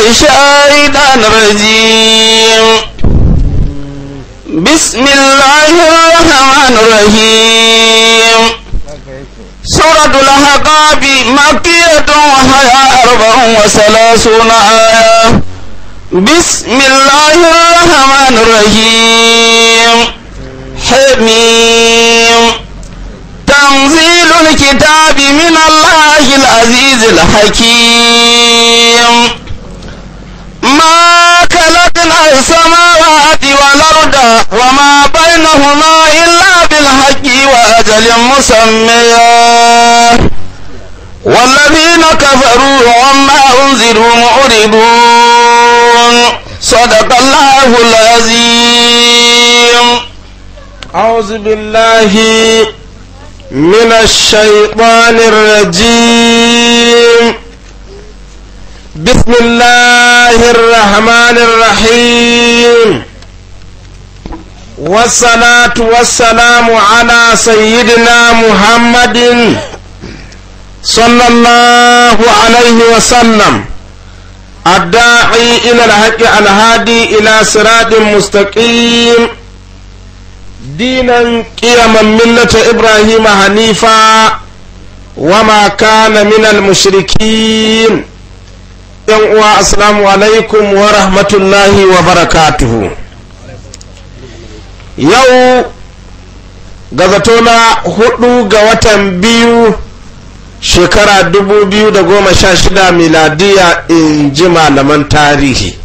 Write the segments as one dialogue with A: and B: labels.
A: الشيطان الرجيم بسم الله الرحمن الرحيم سورة الأحقاب مكية وهي أربع وثلاثون آية بسم الله الرحمن الرحيم حميم تنزيل الكتاب من الله العزيز الحكيم ما خلقنا السماوات والأرض وما بينهما إلا بالحق وأجل مسمى والذين كفروا عما أنذروا معرضون صدق الله العظيم أعوذ بالله من الشيطان الرجيم بسم الله الرحمن الرحيم والصلاة والسلام على سيدنا محمد صلى الله عليه وسلم
B: الداعي إلى الحق الهادي إلى صراط مستقيم دينا قيما ملة إبراهيم حنيفا وما كان من المشركين yan uwa assalamu alaikum wa rahmatullahi wa barakatuhu yau gazato na hudu ga watan biyu shekara da goma sha 2016 miladiya in ji malaman tarihi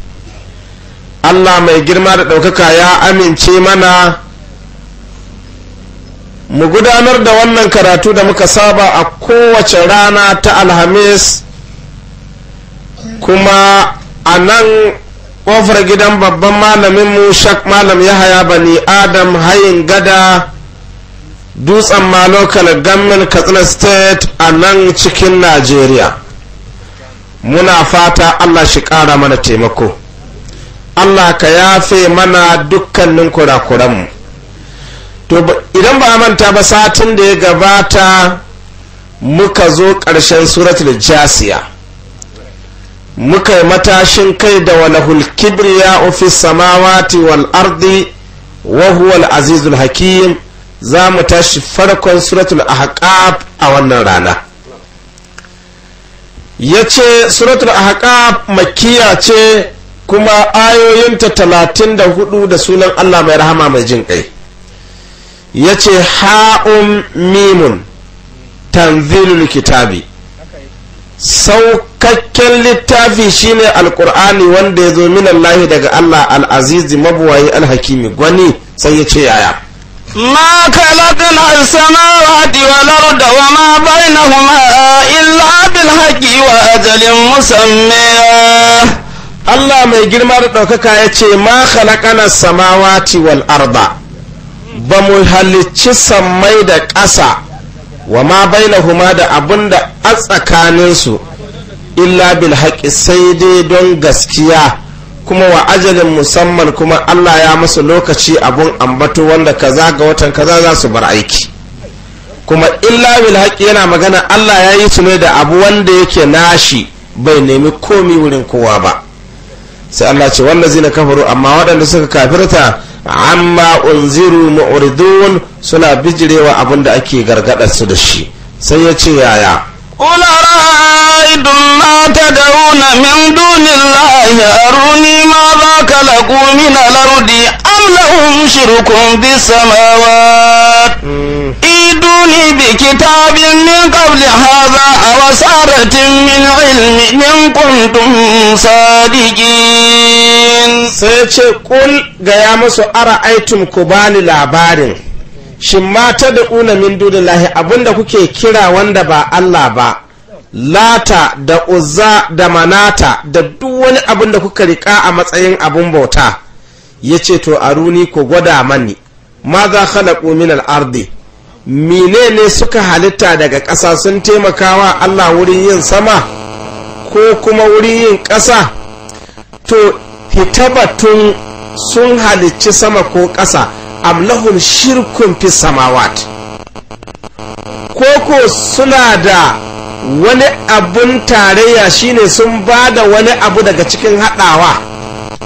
B: allah mai girma da ɗaukaka ya amince mana mu gudanar da wannan karatu da muka saba
A: a kowace rana ta alhamis kuma a nan ƙofar gidan babban malamin mu shak malam ya yahaya bani
B: adam hayin gada dutsen ma local government katsina state a nan cikin najeriya muna fata allah shi kara mana taimako allah ka yafe mana dukkanin kurakuranmu to idan ba manta ba satin da ya gabata muka zo ƙarshen suratul jasiya muka yi matashin kai da walahul kibriya ofi samawati wal ardi wa huwal azizul hakim za mu tashi farkon suratul ahqaf a wannan rana ya ce suratul ahqaf makiya ce kuma ayoyinta talatin da hudu da sunan allah mai rahama mai jin kai ya ce ha'un mimun tanzilul kitabi saukakken littafi shine alkur'ani wanda ya zo minallahi daga Allah al'azizi mabuwayi alhakimi gwani sai ya ce yaya
A: ma bai na huma illa بينهما haƙi wa ajalin musamman. Allah mai girma da ɗaukaka ya ce ma khalaqana samawati wal arda
B: ba mu halicci sammai da ƙasa wa ma bainahuma da abun da a tsakaninsu illa bil haƙi sai dai don gaskiya kuma wa ajalin musamman kuma Allah ya masu lokaci abun ambato wanda kaza ga watan kaza za su bar aiki kuma illa bil haƙi yana magana Allah ya yi su ne da abu wanda yake nashi bai nemi komi wurin kowa ba sai Allah ce wanda zina kafaru amma waɗanda suka kafirta amma unziru mu'ridun suna bijirewa abun da ake gargada su da shi sai
A: ya ce yaya ƙulara idun na ta gauna min dunin lahiya aruni ma za ka lagu min alardi amlahun shirkun bi samawa hmm. يأتوني بكتاب من قبل هذا أو سارة من علم إن كنتم صادقين سيتش قل قيامس أرأيتم
B: كباني لابارين shin ma ta una min dunillahi abinda kuke kira wanda ba Allah ba lata da uzza da manata da duk wani abin da kuka rika a matsayin abun bauta ya ce to a runi ko gwada mani ma za khalaƙo min al'ardi ne suka halitta daga ƙasa sun taimakawa Allah wurin yin sama ko kuma wurin yin ƙasa to fitabatun sun halicci sama ko ƙasa amlahun shirkun fi samawat ko suna da wani abun tarayya shine sun ba da wani abu daga cikin haɗawa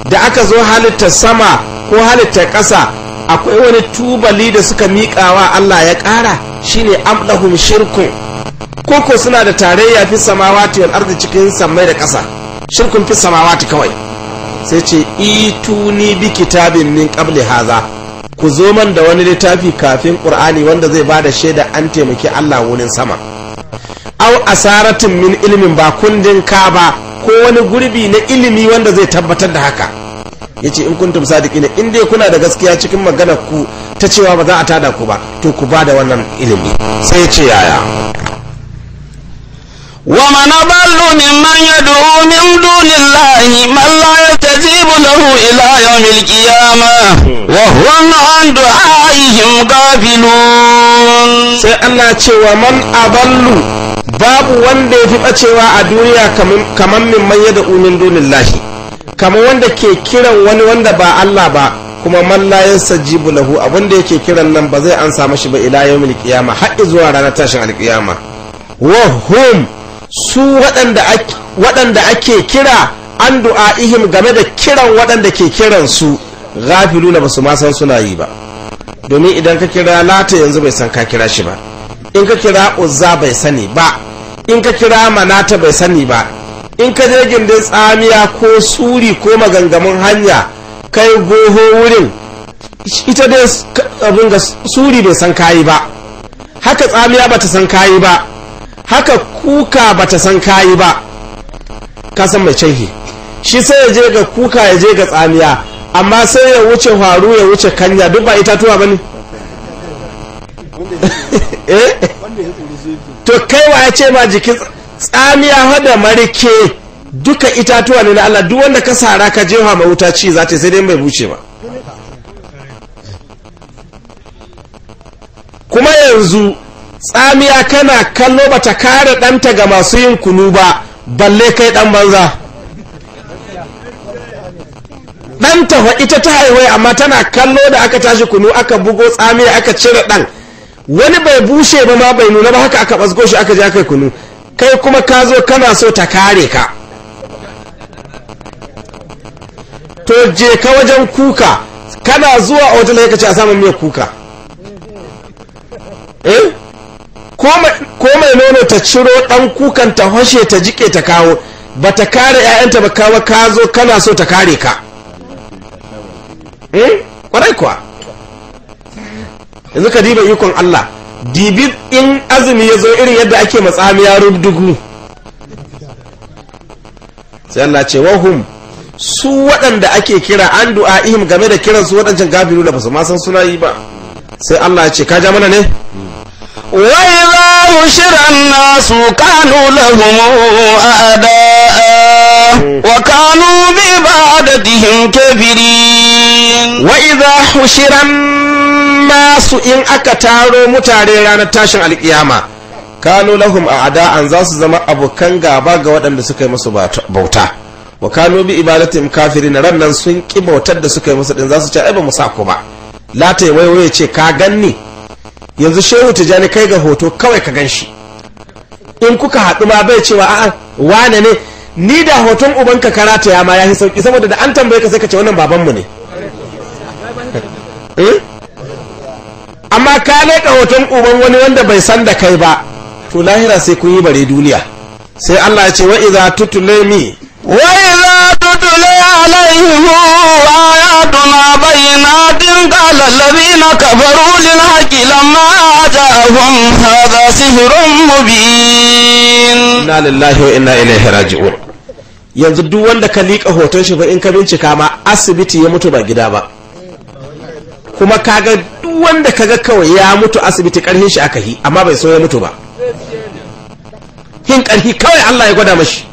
B: da aka zo halitta sama ko halitta ƙasa akwai wani tubali da suka miƙawa Allah ya ƙara shine amlahum shirkun koko suna da tarayya fi samawati wal ardi cikin samai da ƙasa shirkun fi samawati kawai sai ce ituni bi kitabin min qabli haza ku zo man da wani littafi kafin qur'ani wanda zai bada shaida an taimaki Allah wurin sama aw asaratin min ilmin ba kundin ka ba ko wani gurbi na ilimi wanda zai tabbatar da haka ya ce in kuntum ne in dai kuna da gaskiya cikin maganar ku ta cewa ba za a tada ku ba to ku ba da wannan ilimi sai ya ce yaya
A: wa mana ومن أضل ممن يدعو من دون الله من لا يستجيب له إلى wa القيامة وهم عن دعائهم gafilun sai Allah cewa man aballu
B: babu wanda ya fi bacewa a duniya kaman min man umin min dunillahi kamar wanda ke kiran wani wanda ba Allah ba kuma man sajibu lahu abinda yake kiran nan ba zai ansa mashi ba ila yawmil qiyama har zuwa ranar tashin alqiyama wa hum su waɗanda ake waɗanda ake kira an ihim game da kiran waɗanda ke kiran su ghafiluna basu ma san suna yi ba domin idan ka kira lata yanzu bai san ka kira shi ba in ka kira uzza bai sani ba in ka kira manata bai sani ba in ka je gindin tsamiya ko suri ko magangamin hanya kai goho wurin ita dai abin ga suri bai san kayi ba haka tsamiya bata san kayi ba haka kuka bata san kayi ba ka san mai canhi shi sai ya je ga kuka ya je ga tsamiya amma sai ya wuce faru ya wuce kanya duk ba itatuwa ba ne eh? to kaiwa ya ce ma jikin tsamiya hada marike duka itatuwa ne na Allah duk wanda ka sara ka jefa mai wuta ci za ta sai dai mai buce ba kuma yanzu tsamiya kana kallo bata kare ɗanta ga masu yin kunu ba balle kai dan banza danta fa ita ta haihuwa amma tana kallo da aka tashi kunu aka bugo tsamiya aka cire dan wani bai bushe ba ma bai nuna ba haka aka basgo shi aka je aka kunu kai kuma ka zo kana so ta kare ka to je ka wajen kuka kana zuwa a wajen da ce a samun mai kuka eh ko mai nono ta ciro dan kukan ta hoshe ta jike ta kawo ba ta kare 'ya'yanta ba kawo ka zo kana so ta kare ka eh kwarai kuwa yanzu ka diba ikon Allah dibi in azumi ya zo irin yadda ake ya rubdugu sai Allah ce wahum su waɗanda ake kira an du'a ihim game da kiran su waɗancan gafiru da basu ma san suna yi ba sai Allah ce ka ja mana ne wai za hushira
A: nasu kanu lahum a'da'a wa kanu bi ba'datihim kafirin wa idha hushira
B: nasu in aka taro mutane ranar tashin alkiyama kanu lahum a ada'an za su zama abokan gaba ga waɗanda suka yi masu bauta wa kanu bi ibadatin na ran nan sun ki bautar da suka yi masu din za su ce ai ba mu sa ku ba lata ya waiwaye ce ka ganni yanzu shehu tijani kai ga hoto kawai ka gan shi in kuka haɗu ma bai cewa a'a wane ne ni da hoton ubanka karata ya ma ya sauki saboda da an tambaye ka sai ka ce wannan babanmu ne eh? amma ka leka hoton uban wani wanda bai san da kai ba to lahira sai kun yi bare duniya sai Allah ya ce wa iza tutule mi wa
A: idza tutule alaihim ayatuna bayyinatin qala alladhina kafaru lil haqqi lamma ja'ahum hadha sihrun
B: mubin inna lillahi wa inna ilaihi raji'un yanzu duk wanda ka liƙa hoton shi ba in ka bincika ma asibiti ya mutu ba gida ba kuma kaga duk wanda kaga kawai ya mutu asibiti karhin shi aka yi amma bai so ya mutu ba hin karhi kawai Allah ya gwada mashi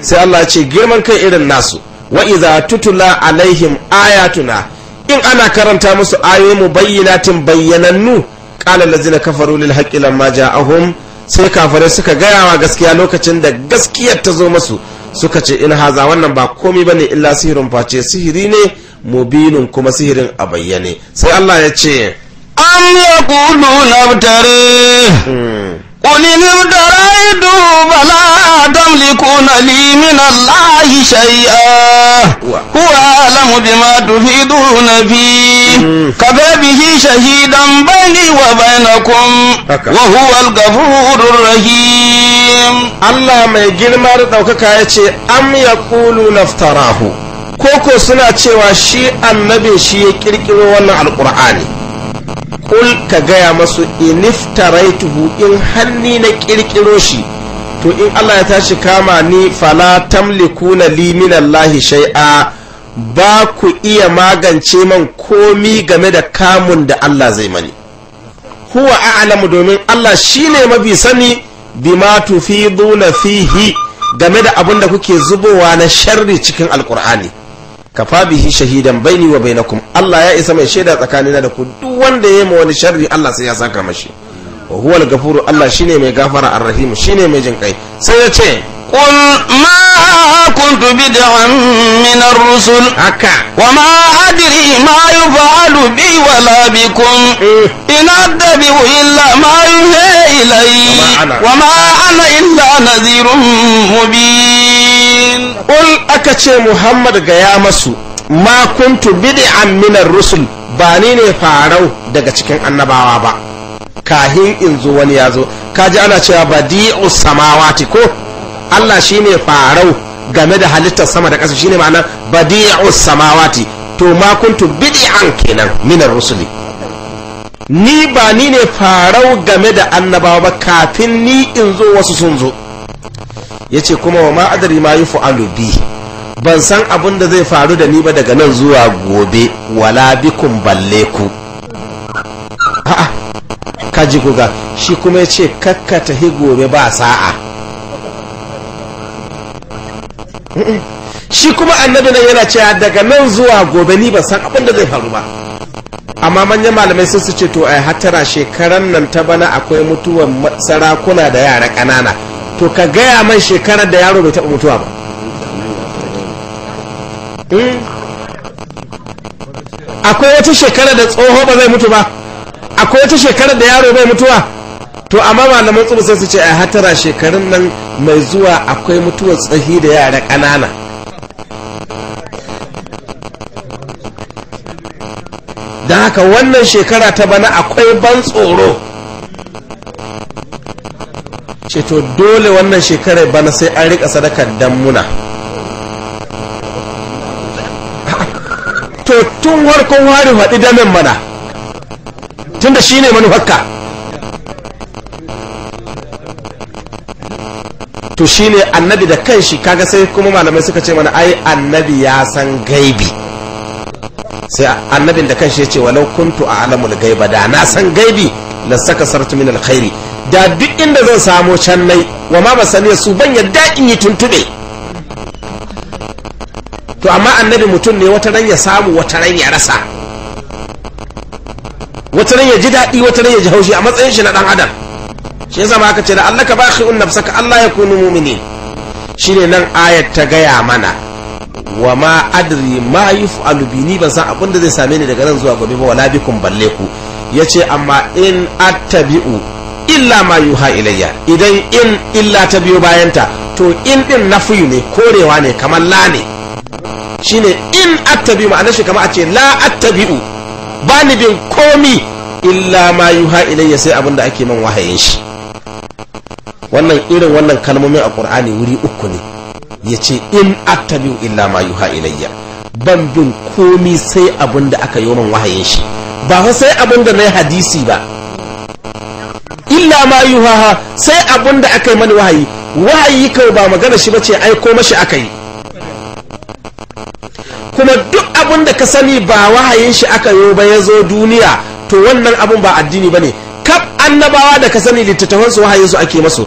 B: sai Allah ya ce girman kai irin nasu wa iza tutula alaihim ayatuna in ana karanta musu ayoyi mu bayyinatin bayyanannu qala allazina kafaru lil haqqi lamma ja'ahum sai kafare suka gaya wa gaskiya lokacin da gaskiyar ta zo masu suka ce in haza wannan ba komai bane illa sihirin face sihiri ne mubinin kuma sihirin a bayyane sai Allah ya ce
A: an ya kulu na fitare kuni nirdara idu bala damli kuna limin Allah shay'a kuwa alamu bi ma tufi duna fi hmm. ka bihi shahidan bani wa bainakum wa huwa al rahim Allah mai girma da daukaka yace am
B: kulu naftarahu koko suna cewa shi annabin shi ya kirkiro wannan alkur'ani kul ka gaya masu iniftaraituhu in hanni na kirkiro shi to in Allah ya tashi kama ni fala tamlikuna li minallahi shai'a ba ku iya magance man komi game da kamun da Allah zai mani huwa a'lamu domin Allah shine mafi sani bima tufiduna fihi game da abin da kuke zubowa na sharri cikin alkur'ani kafa bihi shahidan baini wa bainakum Allah ya isa mai shaida tsakanina da ku duk wanda ya yi wani sharri Allah sai ya saka mashi wa huwa al-ghafuru Allah shine mai gafara ar-rahim shine mai jin kai sai ya ce qul ma kuntu
A: bid'an min ar-rusul haka wa ma adri ma yuf'alu bi wa la bikum eh. in adabu illa ma yuha ilay wa ma ana illa nadhirun mubin
B: aka ce muhammad gaya masu makuntu kuntu bid'an minar rusul ba ni ne farau daga cikin annabawa ba kahin in zo wani ya zo kaji ana cewa badi'u samawati ko Allah shine farau game da halittar sama da ƙasa shine ma'ana badi'u samawati to ma kuntu bid'an kenan minar rusuli ni ba ni ne farau game da annabawa ba kafin ni in zo wasu sun zo yace kuma wa ma adari ma alubi ban san abin da zai faru da ni ba daga nan zuwa gobe wala bikun balle ku ka ji guga shi kuma ya ce kakka tahi gobe ba sa'a shi kuma annabi nan yana cewa daga nan zuwa gobe ni ba san abin da zai faru ba amma manyan malamai sun su ce to ai hatara shekaran nan ta bana akwai mutuwan sarakuna da yara ƙanana to ka gaya man shekarar da yaro bai taɓa mutuwa ba Eh. akwai wata shekara da tsoho ba zai mutu ba akwai wata shekara da yaro bai mutuwa to amma malaman tsoro sai su ce a hatara shekarun nan mai zuwa akwai mutuwar tsahi da yara ƙanana da haka wannan shekara ta bana akwai ban tsoro ce to dole wannan shekarar bana sai an riƙa sadakar dan muna to tun warkon wari faɗi damin mana tun da shi ne manufarka to shi ne annabi da kan shi kaga sai kuma malamai suka ce mana ai annabi ya san gaibi sai annabin da kan shi ya ce walau kuntu a alamul gaiba da na san gaibi na saka sartu min alkhairi da duk inda zan samo can nai wa ma ba basaniya su ban yadda in yi tuntube to amma annabi mutum ne wata ran ya samu wata ran ya rasa wata ran ya ji daɗi wata ran ya ji haushi a matsayin shi na ɗan adam shi yasa ma aka ce da Allah ka bashi un nafsaka Allah ya kunu mu'mini shine nan ayat ta gaya mana wa ma adri ma yuf'alu bini ban san abin da zai same ni daga nan zuwa gobe ba wala bikum balle ku yace amma in attabi'u illa ma yuha ilayya idan in illa ta biyo bayanta to in din nafi ne korewa ne kamar la ne shine in attabi ma'anar shi kama a ce la attabi'u ba ni bin komi illa ma yuha ilayya sai abin da ake man wahayin shi wannan irin wannan kalmomi a qur'ani wuri uku ne ya ce in attabi'u illa ma yuha ilayya ban bin komi sai abin da aka yi man wahayin shi ba fa sai abin da na hadisi ba illa ma yuha sai abin da aka yi mani wahayi wahayi kawai ba magana shi ce aiko mashi aka yi kuma duk abin da ka sani ba wahayin shi aka yi ba ya zo duniya to wannan abin ba addini ba ne kaf annabawa da ka sani littattafansu wahayin su ake masu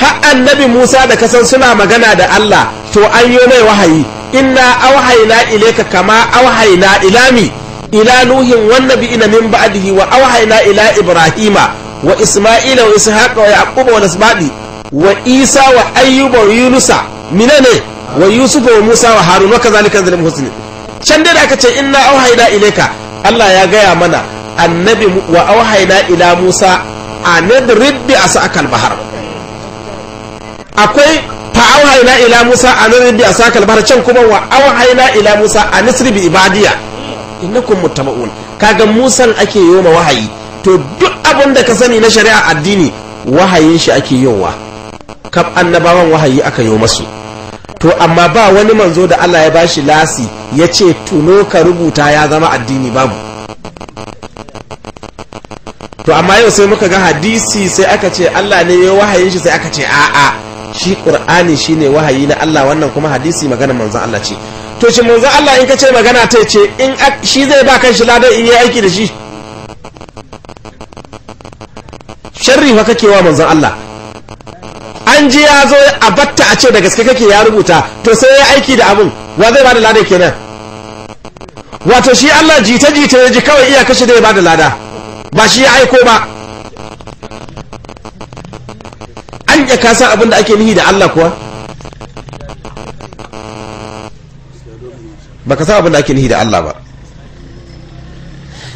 B: har annabi musa da ka san suna magana da allah to an yi mai wahayi inna auhaina ileka kama auhaina ilami ila nuhin wannabi ina min ba'dihi wa auhaina ila ibrahima wa isma'ila wa ishaqa wa yaquba wa nasbadi wa isa wa ayyuba wa yunusa minane wa Yusuf wa musa wa harun wa kazalika zal muhsinin can dai da aka ce inna auhayna ilayka Allah ya gaya mana annabi wa auhayna ila musa anadrib bi asakal bahar akwai fa auhayna ila musa anadrib bi asakal bahar can kuma wa auhayna ila musa anisri bi ibadiya innakum muttabaun kaga musan ake yoma wahayi to duk abin da ka sani na shari'a addini wahayin shi ake yowa kab annabawan wahayi aka yo masu to amma ba wani manzo da Allah ya bashi lasi ya ce tuno ka rubuta ya zama addini babu to amma yau sai muka ga hadisi sai aka ce Allah ne ya wahayin shi sai aka ce a'a shi qur'ani shine wahayi na Allah wannan kuma hadisi magana manzo Allah ce to shi manzo Allah in ka ce magana ta ce in shi zai ba kan shi ladan in yi aiki da shi sharri fa kake wa manzo Allah an ji ya zo a batta a ce da gaske kake ya rubuta to sai ya aiki da abin wa zai bada lada kenan wato shi Allah jita jita ya ji kawai iya kashi da ya bada lada ba shi ya aiko ba an ya kasa abin da ake nihi da Allah kuwa ba ka san abin da ake nihi da Allah ba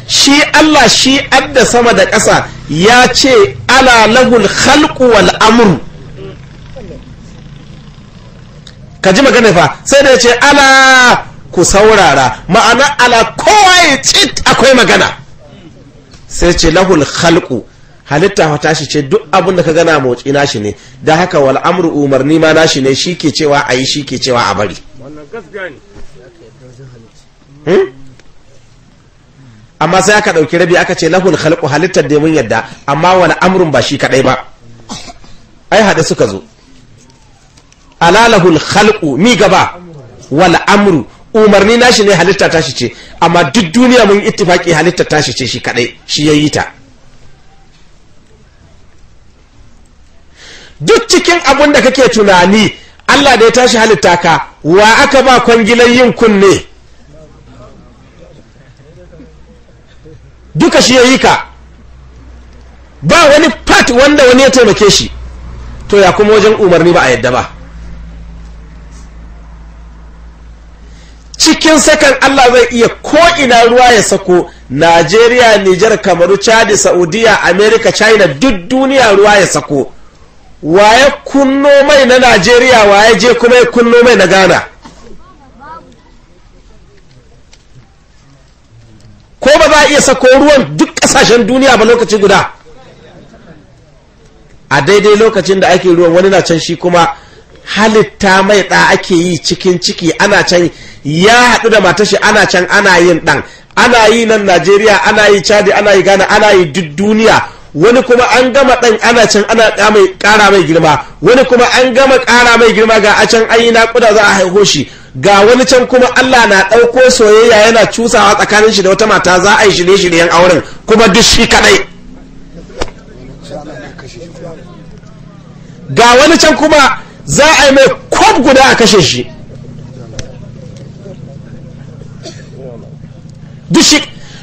B: shi Allah shi adda sama da ƙasa ya ce ala lahul khalqu wal amru ka ji magana fa sai da ya ce ala ku saurara ma'ana ala kowa ya cit akwai magana sai ce lahul khalqu halitta fa tashi ce duk abin da ka gana motsi nashi ne da haka wal amru umarni ma nashi ne shi ke cewa ayi shi ke cewa a bari hmm? amma sai aka ɗauki rabi aka ce lahul khalqu halittar da mun yadda amma wani amrun ba shi kadai ba ai haɗe suka zo alalahul khalqu mi gaba wal amru umarni nashi ne halitta tashi ce amma duk duniya mun ittifaki halitta tashi ce shi kadai shi yayi ta duk cikin abun da kake tunani Allah da ya tashi halitta ka wa aka ba kwangilan yin kunne duka shi yayi ka ba wani part wanda wani ya taimake shi to ya kuma wajen umarni ba a yadda ba cikin sakan Allah zai iya ko'ina ruwa ya sako Najeriya, Nijar, Kamaru, Chadi, Saudiya, Amerika, China duk duniya ruwa ya sako waye kunno mai na Najeriya waye je kuma ya kunno mai na Ghana ko ba za a iya sako ruwan duk ƙasashen duniya ba lokaci guda a daidai lokacin da ake ruwan wani na can shi kuma halitta mai ɗa ake yi cikin ciki ana can ya haɗu da matashi ana can ana yin ɗan ana yi nan najeriya ana yi chadi ana yi ghana ana yi duk duniya wani kuma an gama ɗan ana can ana ƙara mai girma wani kuma an gama ƙara mai girma ga a can an yi naƙuda za a haihu shi ga wani can kuma allah na ɗauko soyayya yana cusawa tsakanin shi da wata mata za a yi shirye-shiryen auren kuma duk shi kaɗai ga wani can kuma za a yi mai kwab guda a kashe shi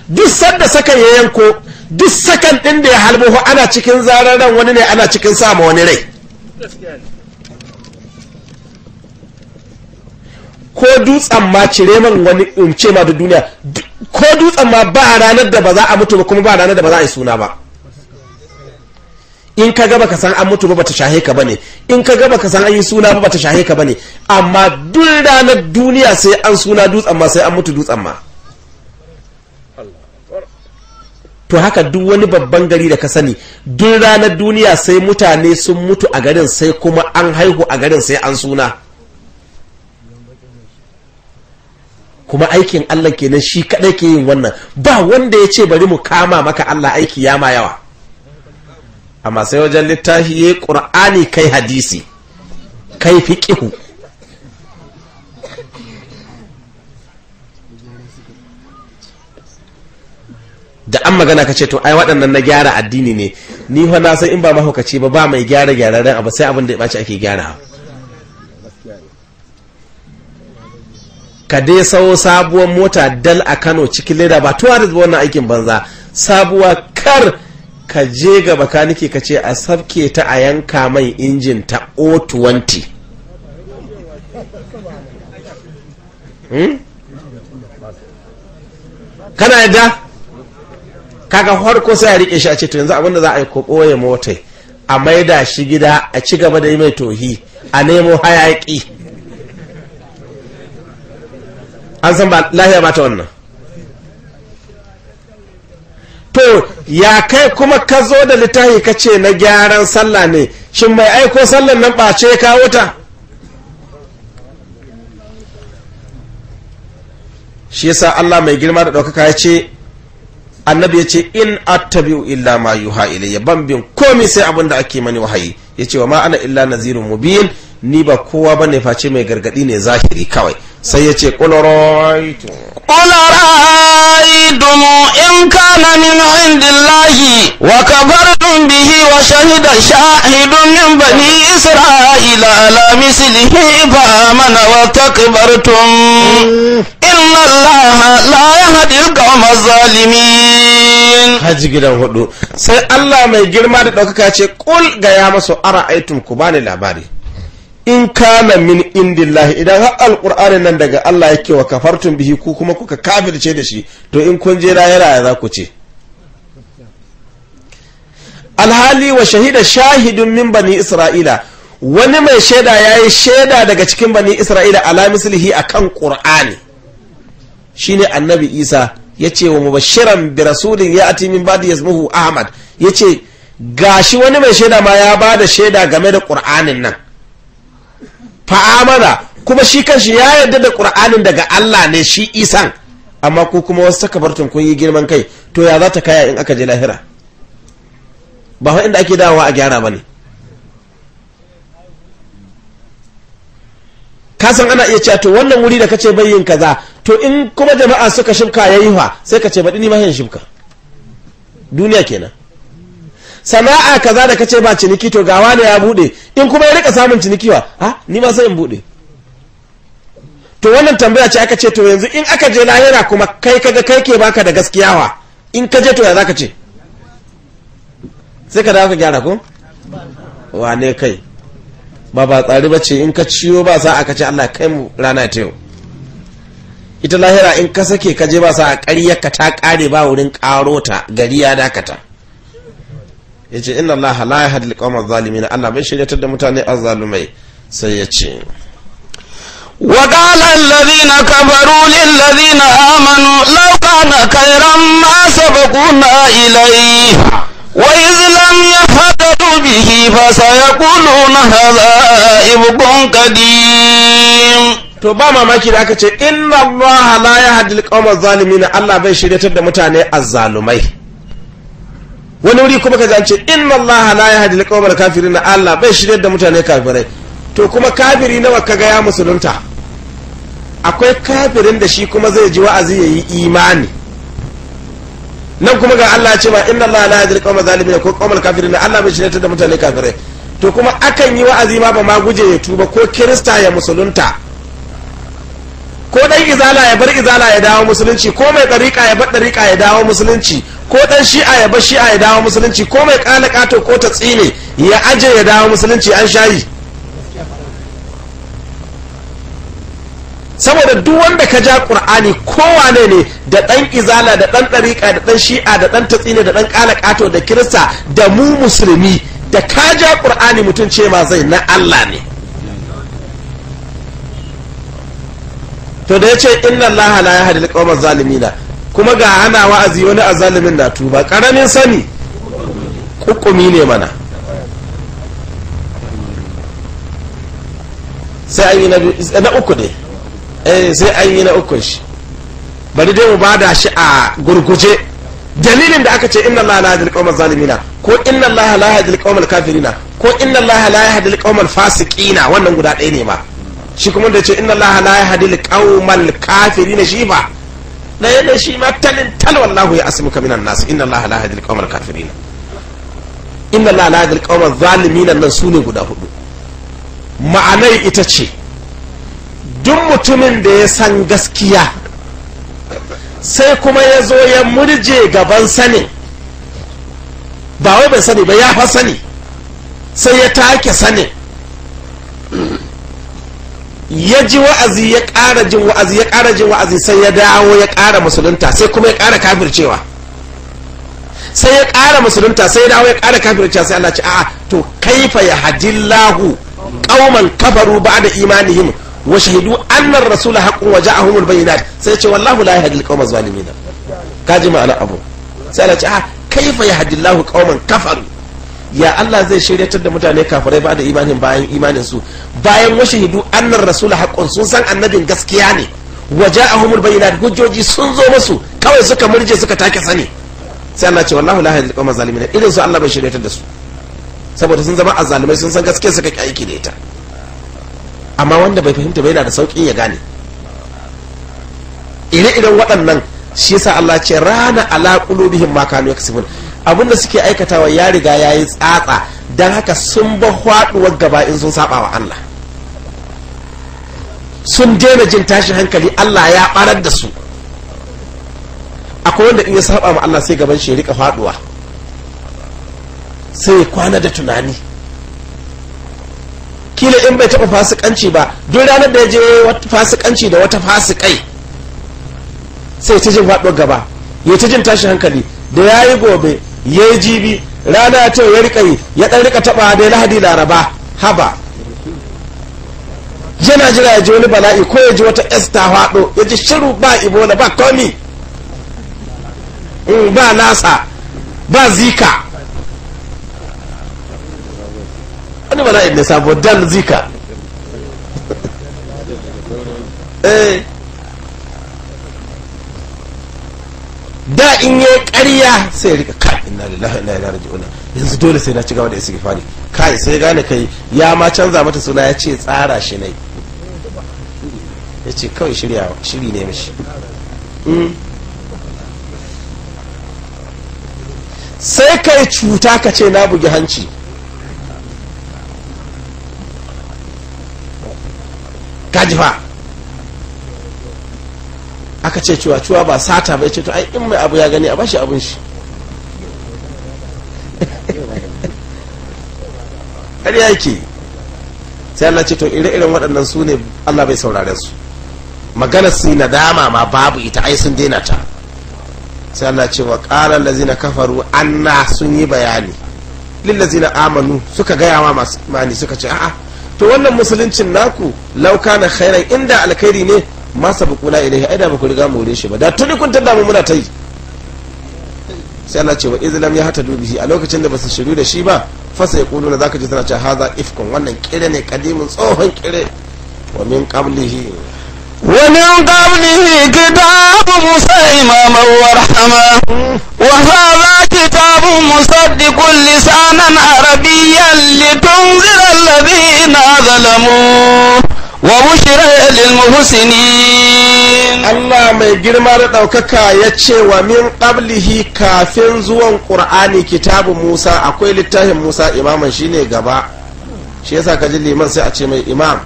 B: duk sanda sakan ya yanko duk sakan ɗin da ya halbuhu ana cikin zararen wani ne ana cikin sama wani rai ko dutsen ma cire man wani umce ma da duniya ko dutsen ma ba ranar da ba za a mutu ba kuma ba ranar da ba za a yi suna ba in ka gaba ka san an mutu ba bata shahe ka bane in ka gaba ka san an yi suna ba bata shahe ka bane amma duk ranar duniya sai an suna dutsen ma sai an mutu dutsen ma to haka duk wani babban gari da ka sani duk ranar duniya sai mutane sun mutu a garin sai kuma an haihu a garin sai an suna kuma aikin Allah kenan shi kadai ke yin wannan ba wanda ya ce bari mu kama maka Allah aiki ya ma yawa amma sai wajen littafi ya yi ƙur'ani kai hadisi kai fiƙihu da an magana ka ce to ai waɗannan na gyara addini ne ni fa na san in ba mahaukaci ba ba mai gyara gyararren abu sai abin da ya ɓaci ake gyara ka dai sawo sabuwar mota dal a kano cikin leda ba tuwa da wannan aikin banza sabuwa kar ka je ga bakaniki ka ce a sabke ta a yanka mai injin ta o20 hmm? kana yadda kaga farko sai a rike shi a ce to yanzu abinda za a yi ko ɓoye motai a maida shi gida a ci gaba da yi mai tohi a nemo hayaki an san ba lahiya ba ta wannan to ya kai kuma ka zo da littafi ka ce na gyaran sallah ne shin mai aiko sallan nan ɓace kawo ta shi yasa Allah mai girma da ɗaukaka ya ce annabi ya ce in attabi'u illa ma yuha ilayya ban bin komi sai abin da ake mani wahayi ya ce wa ma ana illa nazirun mubin ni ba kowa ba ne face mai gargadi ne zahiri kawai sai ya ce qul
A: شهدتم إن كان من عند الله وكفرتم به وشهد شاهد من بني إسرائيل على مثله فآمن وتكبرتم إن الله لا يهدي القوم الظالمين
B: haji gidan hudu sai
A: Allah mai girma da ɗaukaka ce kul ga ya masu
B: ara aitum ku bani labari in kana min indillahi idan har alqur'anin nan daga Allah yake wa kafartun bihi ku kuma kuka kafirce da shi to in kun je raye raye za ku ce alhali wa shahida shahidun min bani isra'ila wani mai shaida yayi shaida daga cikin bani isra'ila ala mislihi akan qur'ani shine annabi isa ya ce wa mubashiran bi rasulin ya ati min ba'di yasmuhu ahmad yace gashi wani mai shaida ma ya bada shaida game da qur'anin nan fa'amana kuma shi kanshi ya yarda da ƙur'anin daga Allah ne shi isan amma ku kuma wasu takabartun kun yi girman kai to ya za ta kaya in aka je lahira ba fa inda ake dawowa a gyara ba ne kasan ana iya cewa to wannan wuri da kace bayyin kaza to in kuma jama'a suka shimka yayi fa sai kace ce baɗi ni ma yin shimka duniya kenan sana'a kaza da kace ba ciniki to gawa ne ya bude in kuma ya rika samun ciniki wa ha ni ma sai in bude to wannan tambaya ce aka ce to yanzu in aka je lahira kuma kai kaga kai ke baka da gaskiya wa in ka je to ya zaka ce sai ka dawo ka gyara ko wane kai ba ba tsari ba ce in ka ciyo ba sa aka ce Allah kai mu rana ta yau ita lahira in ka sake ka je ba sa a ƙaryar ka ta ƙare ba wurin ƙaro ta gari ya dakata yace inna allaha la yahdi al-qawma zalimin Allah bai shiryatar da mutane azzalumai sai yace
A: وقال الذين كفروا للذين آمنوا لو كان خيرا ما سبقونا إليه وإذ لم يهتدوا به فسيقولون هذا إبق قديم to ba mamaki
B: da aka ce inna allaha la yahdi al-qawma adh-dhalimin Allah bai shiryatar da mutane azzalumai wani wuri kuma ka zance inna allaha la yahdi al-qawmal kafirin Allah bai shirye da mutane kafirai to kuma kafiri nawa kaga ya musulunta akwai kafirin da shi kuma zai ji wa'azi ya yi imani nan kuma ga Allah ce ma inna allaha la yahdi al-qawmal zalimin ko kafiri kafirin Allah bai shirye da mutane kafirai to kuma akan yi wa'azi ma ba ma guje ya tuba ko kirista ya musulunta ko dan izala ya bar izala ya dawo musulunci ko mai dariƙa ya bar dariƙa ya dawo musulunci ko dan shi'a ya bar shi'a ya dawo musulunci ko mai ƙala ƙato ko ta tsine ya aje ya dawo musulunci an shayi saboda duk wanda ka ja ko kowane ne da ɗan izala da ɗan ɗariƙa da ɗan shi'a da ɗan tsine da ɗan ƙala ƙato da kirista da mu musulmi da ka ja qur'ani mutun ce ma zai na allah ne to da ya ce inna allaha la yahdi al-qawma zalimina kuma ga ana wa'azi wani azalimin na tuba karamin sani kukumi ne mana sai an yi na uku ne eh sai an yi na ukun shi bari dai mu bada shi a gurguje dalilin da aka ce inna allaha la yahdi al-qawma zalimina ko inna allaha la yahdi al da al-kafirina ko inna allaha la yahdi al da al-fasiqina wannan guda ɗaya ne ma shi kuma da ce inna allaha la yahdil qaumal kafirin shi ba da yadda shi ma talin tal wallahu ya asmuka minan nas inna allaha la yahdil qaumal kafirin inna allaha la yahdil qaumal zalimin nan sune guda hudu ma'anai ita ce duk mutumin da ya san gaskiya sai kuma ya zo ya murje gaban sani ba wai bai sani ba ya fa sani sai ya take sani. ya ji wa'azi ya ƙara jin wa'azi ya ƙara jin wa'azi sai ya dawo ya ƙara musulunta sai kuma ya ƙara kafircewa sai ya ƙara musulunta sai ya dawo ya ƙara kafircewa sai Allah ce a'a to kaifa ya hadillahu qauman kafaru ba'da imanihim wa shahidu anna ar-rasula haqqun wa ja'ahumul bayyinat sai ya ce wallahu la yahdil qaumaz zalimin kaji ma'ana abu sai Allah ce a'a kaifa ya hadillahu qauman kafaru ya Allah zai shiryatar da mutane kafirai ba da imanin bayan imanin su bayan washahidu annar rasul haqqun sun san annabin gaskiya ne waje a waja'ahumul bayyinat hujjoji sun zo musu kawai suka murje suka take sani sai Allah ce wallahu la yahdi al zalimin irin su Allah bai shiryatar da su saboda sun zama azzalimai sun san gaskiya suka ki aiki da ita amma wanda bai fahimta bai yana da saukin ya gane ire-iren waɗannan shi yasa Allah ce rana ala qulubihim ma kanu yaksubun abin da suke aikatawa ya riga ya yi tsatsa don haka sun ba haɗuwar gaba in sun saba wa Allah sun daina jin tashin hankali Allah ya ɓarar da su akwai wanda in ya saba ma Allah sai gaban shi ya riƙa faɗuwa sai kwana da tunani kila in bai taɓa fasikanci ba duk ranar da ya je fasikanci da wata fasikai sai ta jin faɗuwar gaba ya ta jin tashin hankali da ya yi gobe ya yi jibi rana ta ya rika yi ya dan rika taba dai lahadi laraba haba yana jira ya ji wani bala'i ko ya ji wata esta hado ya ji shiru ba ibola ba komi mm, ba nasa ba zika wani bala'i ne sabo dan zika
A: eh da in yi karya
B: sai ya rika ka da lahana ya ilaihi jiuna yanzu dole sai na ci gaba da istighfari kai sai gane kai ya ma canza mata suna ya ce tsara shi ne ya ce kawai shiri ne mishi hmm? sai kai cuta ka ce na bugi hanci ka fa. aka ce cewa cewa ba sata ba ce to ai in mai abu ya gani a bashi abin shi har yake sai Allah ce to ire-iren waɗannan su ne Allah bai saurare su maganar su nadama ma babu ita ai sun daina ta sai Allah ce wa ƙarar lazina kafaru na sun yi bayani lillazina amanu suka gaya ma masu mani suka ce a'a to wannan musuluncin naku lauka na khairan inda alkhairi ne ma sabu kuna ilai ai da muku riga mu wurin shi ba da tuni kun tada mu muna ta yi sai ana cewa izlam ya hata dubi a lokacin da ba su shiru da shi ba fasa ya kulu na zaka ji tana cewa haza ifkun wannan kire ne kadimun tsohon kire wa min qablihi
A: wa min qablihi kitabu musa imama wa rahama wa hadha kitabu musaddiqul lisanan arabiyyan litunzira alladhina zalamu wa bushira lil
B: muhsinin Allah mai girma da ɗaukaka ya ce wa min qablihi kafin zuwan qur'ani kitabu Musa akwai littafin Musa imaman shine gaba shi yasa ka ji liman sai a ce mai imam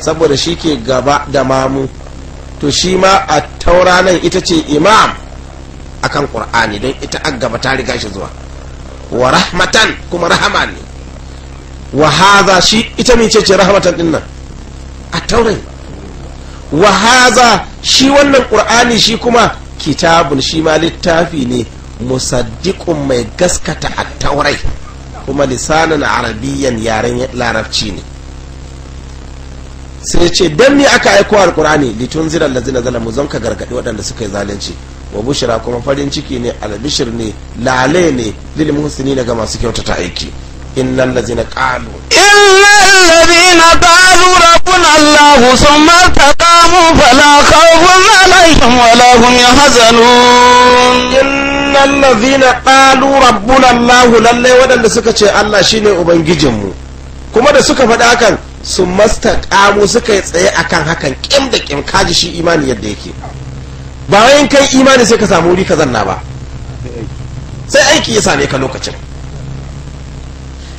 B: saboda shi ke gaba da mamu to shi ma a taura ita ce imam akan qur'ani don ita an gaba ta riga shi zuwa wa rahmatan kuma rahama ne wa haza shi ita ce ce rahmatan din a taurin wa haza shi wannan ƙur'ani shi kuma kitabun shi ma littafi ne musaddiƙun mai gaskata a taurai kuma lisanin arabiyyan yaren larabci ne sai ce don ne aka aiko alkur'ani litun zirar lazina zala mu ka gargaɗi waɗanda suka yi zalunci wa bushira kuma farin ciki ne albishir ne lalai ne lil muhsini daga masu kyautata aiki in nan la ƙalu. in
A: nan la ƙalu rabbu lallahu. su masta ƙamu fa na saukurwa laifin ya hazanu. in nan
B: la ƙalu rabbu lallahu lallai waɗanda suka ce allah shine ubangijinmu kuma da suka faɗi hakan su masta ƙamu su ka tsaye a kan hakan ƙin da ƙin kaji shi imanin yadda ya ke. ba kai imanin sai ka samu wuri ka zanna ba sai aiki ya same ka lokacin.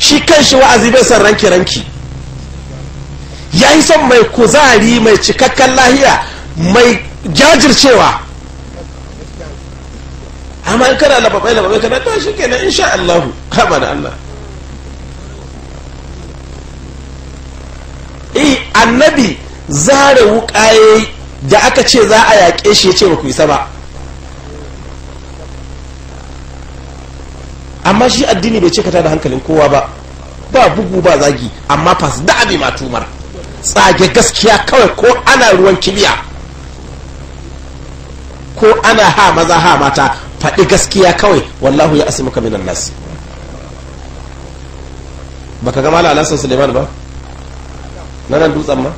B: shi kan shi wa'azi bai son ranki ranki ya yi son mai kuzari mai cikakken lahiya mai jajircewa amma in kana lababai lababai kana ta shi kenan insha Allah kama da Allah eh annabi zare wuƙaye da aka ce za a yaƙe shi ya ce ba ku isa ba amma shi addini bai cika da hankalin kowa ba ba bugu ba zagi amma fas da abi ma tumar tsage gaskiya kawai ko ana ruwan kibiya ko ana ha maza ha mata faɗi gaskiya kawai wallahu ya asimuka minan nas baka ga malam alasan Suleiman ba na nan dutsen ma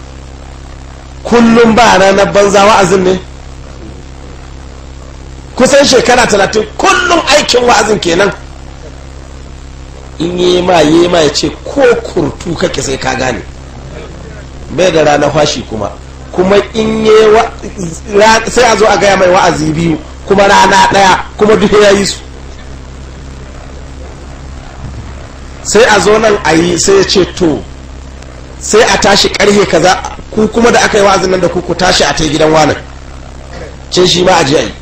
B: kullum ba na ranar banza wa'azin ne kusan shekara talatin kullum aikin wa'azin kenan in yi ma yi ma ya ce ko kurtu kake sai ka gane bai da rana fashi kuma kuma in yi wa sai a zo a gaya mai wa'azi biyu kuma rana ɗaya kuma duk ya yi su sai a zo nan a yi sai ya ce to sai a tashi karhe kaza ku kuma da aka yi wa'azin nan da ku ku tashi a ta gidan wanan can shi ma a ji a yi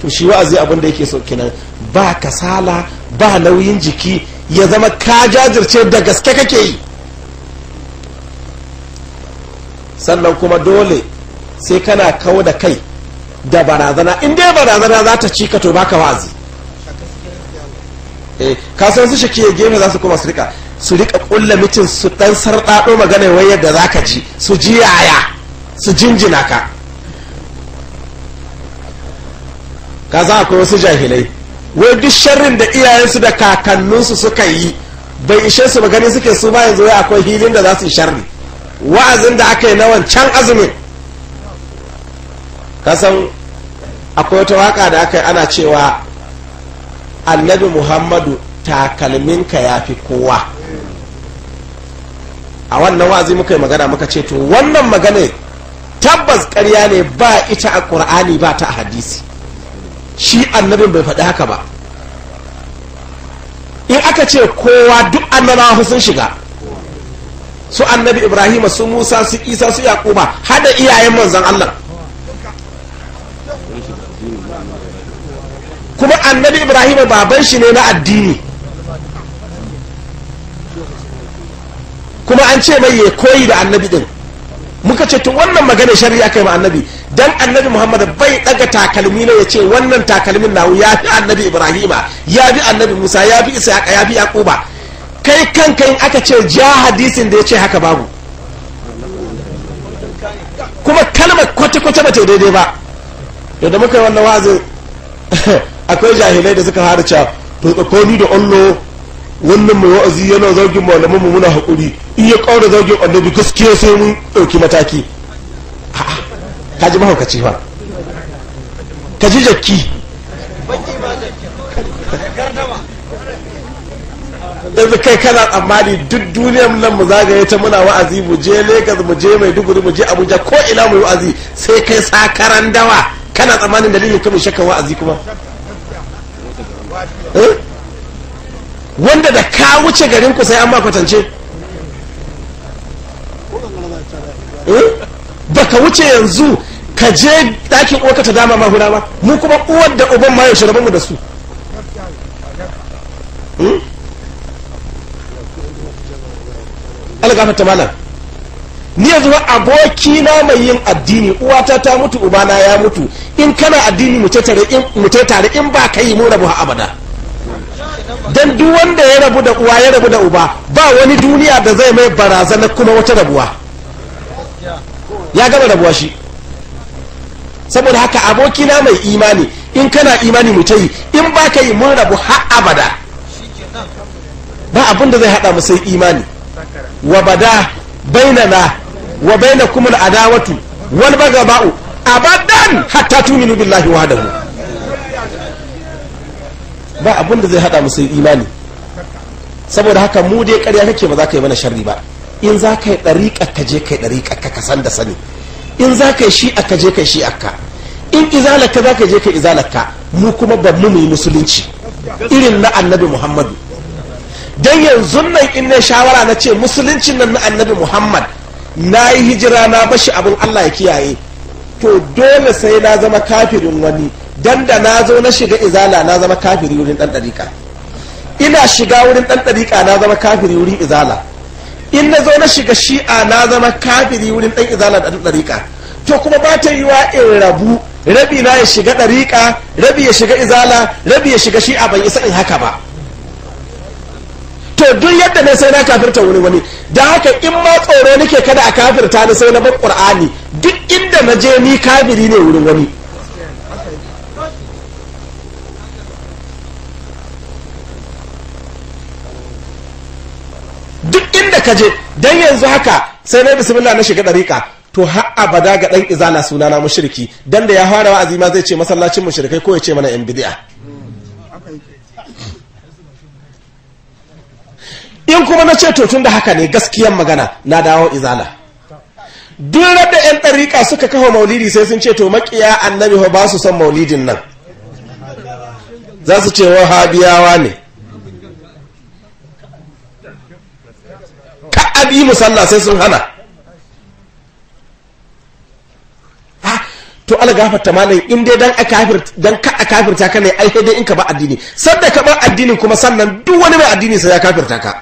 B: to shi wa'azi abin da yake so kenan ba kasala ba nauyin jiki ya zama ka jajirce da gaske kake yi sannan kuma dole sai kana kawo da kai da barazana in dai barazana za ta ci ka to baka wazi eh kasan su shike gefe za su kuma su rika su rika kulla mitin su dan sarɗaɗo magana wai yadda za ka ji su ji yaya su jinjina ka ka za akwai wasu jahilai wai duk sharrin da iyayensu da kakanninsu suka yi bai ishe su ba gani suke su ba yanzu akwai hilin da za su yi sharri wa'azin da aka yi na wancan azumin kasan akwai wata waka da aka yi ana cewa annabi muhammadu takalminka ya fi kowa a wannan wa'azi muka yi magana muka ce to wannan magana tabbas karya ne ba ita a ƙur'ani ba ta a hadisi shi annabin bai faɗi haka ba in aka ce kowa duk annabawa sun shiga su annabi ibrahim su musa su isa su yaquba hada iyayen manzon allah kuma annabi ibrahim baban shi ne na addini kuma an ce mai ya koyi da annabi din muka ce to wannan magana shari'a kai ma annabi dan annabi muhammad bai daga takalmi ne ya ce wannan takalmin nawo ya fi annabi ibrahima ya fi annabi musa ya fi isa ya fi Yakuba kai kanka in aka ce ja hadisin da ya ce haka babu kuma kalmar kwata-kwata ba ta daidai ba yau da muka yi wannan wa'azin akwai jahilai da suka hara cewa to da ollo wannan mai wa'azi yana zagin malaman mu muna haƙuri in ya ƙaura zagin annabi gaskiya sai mun ɗauki mataki ka ji mahaukaci ba ka ji jakki yanzu kai kana tsammani duk duniyar nan mu zagaye ta muna wa'azi mu je Legas mu je duguri mu je Abuja ko ina mu wa'azi sai kai sakaran dawa kana tsammanin dalilin kuma shakkan wa'azi kuma eh? wanda da ka wuce garin ku sai an ba kwatance ba eh? ka wuce yanzu ka je dakin uwarka ta dama ma hura ba mu kuma uwar da uban ma yaushe mu da su hmm? algafata malam ni yanzu ba aboki na mai yin addini uwata ta mutu ubana ya mutu in kana addini mu tare in ba ka yi mu rabu abada don duk wanda ya rabu da uwa ya rabu da uba ba wani duniya da zai mai barazanar kuma wata rabuwa ya gama rabuwa shi saboda haka abokina mai imani in kana imani mu ta yi in ba ka yi mun rabu har abada ba abin zai haɗa mu sai imani wa bada bainana wa bainakumul adawatu wal bagaba'u abadan hatta tuminu billahi wahdahu ba abin da zai hada musu imani saboda haka mu dai ƙarya kake ba za ka yi mana sharri ba in za ka yi ɗariƙa ka je ka yi ɗariƙa ka san da sani in za ka yi shi aka je ka yi shi aka in izalaka za ka je ka izalaka mu kuma ba mu yi musulunci irin na annabi muhammadu dan yanzu nan in ne shawara na ce musuluncin nan na annabi muhammad na yi hijira na bashi abin allah ya kiyaye to dole sai na zama kafirin wani dan da na zo na shiga izala na zama kafiri wurin dan dariƙa ina shiga wurin dan dariƙa na zama kafiri wurin izala in na zo na shiga shi'a na zama kafiri wurin dan izala da dariƙa to kuma ba ta yiwa in rabu rabi na ya shiga dariƙa rabi ya shiga izala rabi ya shiga shi'a bai isa in haka ba to duk yadda ne sai na kafirta wuri wani da haka in ma tsoro nake kada a kafirta ni sai na bar qur'ani duk inda na je ni kafiri ne wurin wani duk inda ka je dan yanzu haka sai na bismillah na shiga dariƙa to ha'a abada ga dan izala sunana mushriki dan da ya fara wa'azi ma zai ce masallacin mushrikai ko ya ce mana yan bid'a in kuma na ce to tun da haka ne gaskiyan magana na dawo izala duk da yan ɗariƙa suka kafa maulidi sai sun ce to makiya annabi ba su son maulidin nan za su ce wahabiyawa ne a yi musalla sai sun hana to algafarta malam in dai dan a kafir dan ka kafirta ka ne ai sai dai in ka ba addini sanda ka ba addini kuma sannan duk wani mai addini sai ya kafirta ka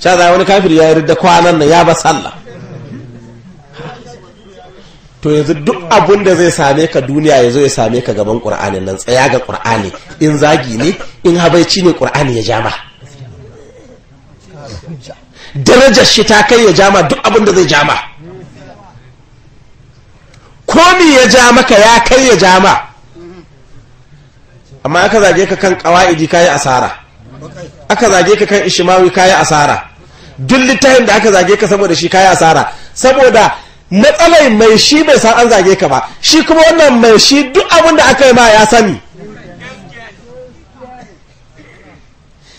B: sha za wani kafir ya yarda kwanan nan ya ba sallah to yanzu duk abun da zai same ka duniya ya zo ya same ka gaban ƙura'ani nan tsaya ga ƙura'ani in zagi ne in habaici ne ƙura'ani ya ja darajar shi ta kai ya jama duk abin da zai jama komi ya ja maka ya kai ya jama amma aka zage ka kan kawa'idi kayi asara aka zage ka kan ishimawi kayi asara duk littafin da aka zage ka saboda shi kayi asara saboda matsalai mai shi bai san an zage ka ba shi kuma wannan mai shi duk abin da aka yi ma ya sani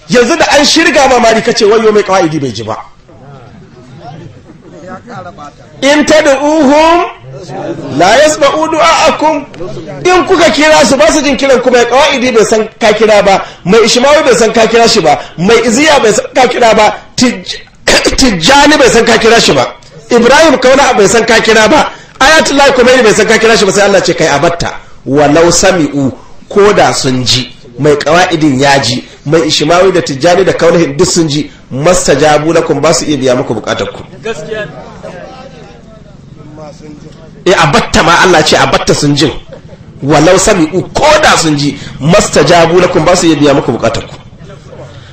B: yanzu da an shirga ma kace wayo mai kawai bai ji ba in tad'uhum la yasma'u du'a'akum in kuka kira su ba su jin kiran ku mai kawaidi bai san ka kira ba mai ishmawi bai san ka kira shi ba mai iziya bai san ka kira ba tijjani bai san ka kira shi ba ibrahim kauna bai san ka kira ba ayatullahi kuma bai san ka kira shi ba sai Allah ce kai abatta walau sami'u ko da sun ji mai kawa'idin ya ji mai ishimawi da tijjani da kaulahin duk sun ji masa jabu na ba su iya biya muku bukatar ku e eh, a batta ma Allah ce a batta sun jin walau sami uko da sun ji masta jabu na ba su iya biya muku bukatar ku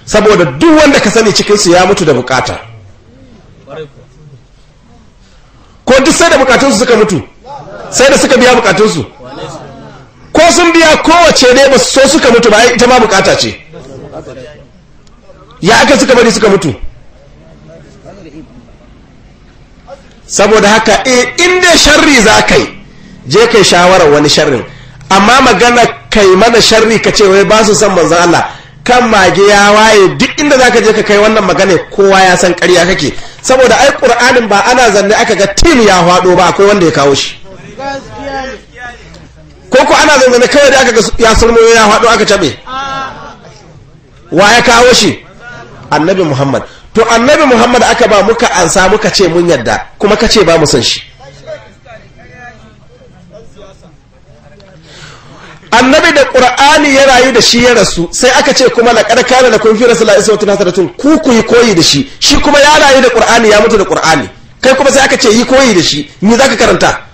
B: saboda duk wanda ka sani cikin su ya mutu da bukata ko duk sai da bukatunsu suka mutu sai da suka biya bukatunsu ko sun biya kowace ne ba so suka mutu ba ita ma bukata ce ya aka suka bari suka mutu saboda haka eh, inda sharri za ka kai je kai shawarar wani sharrin amma magana kai mana sharri ka ce wai ba su san manzan Allah kan mage ya waye duk inda za ka je ka kai wannan magana kowa ya san ƙarya kake saboda ai ƙur'anin ba ana zanne aka ga tim ya hwado ba akwai wanda ya kawo shi ko ko ana zanzane kawai da aka ya sulmo ya faɗo aka taɓe wa ya kawo shi annabi muhammad to annabi muhammad aka ba muka ansa muka ce mun yadda kuma ka ce ba mu san shi annabi da qur'ani ya rayu da shi ya rasu sai aka ce kuma na da kun fi rasulullahi sallallahu alaihi tun ku ku yi koyi da shi shi kuma ya rayu da qur'ani ya mutu da qur'ani kai kuma sai aka ce yi koyi da shi ni za ka karanta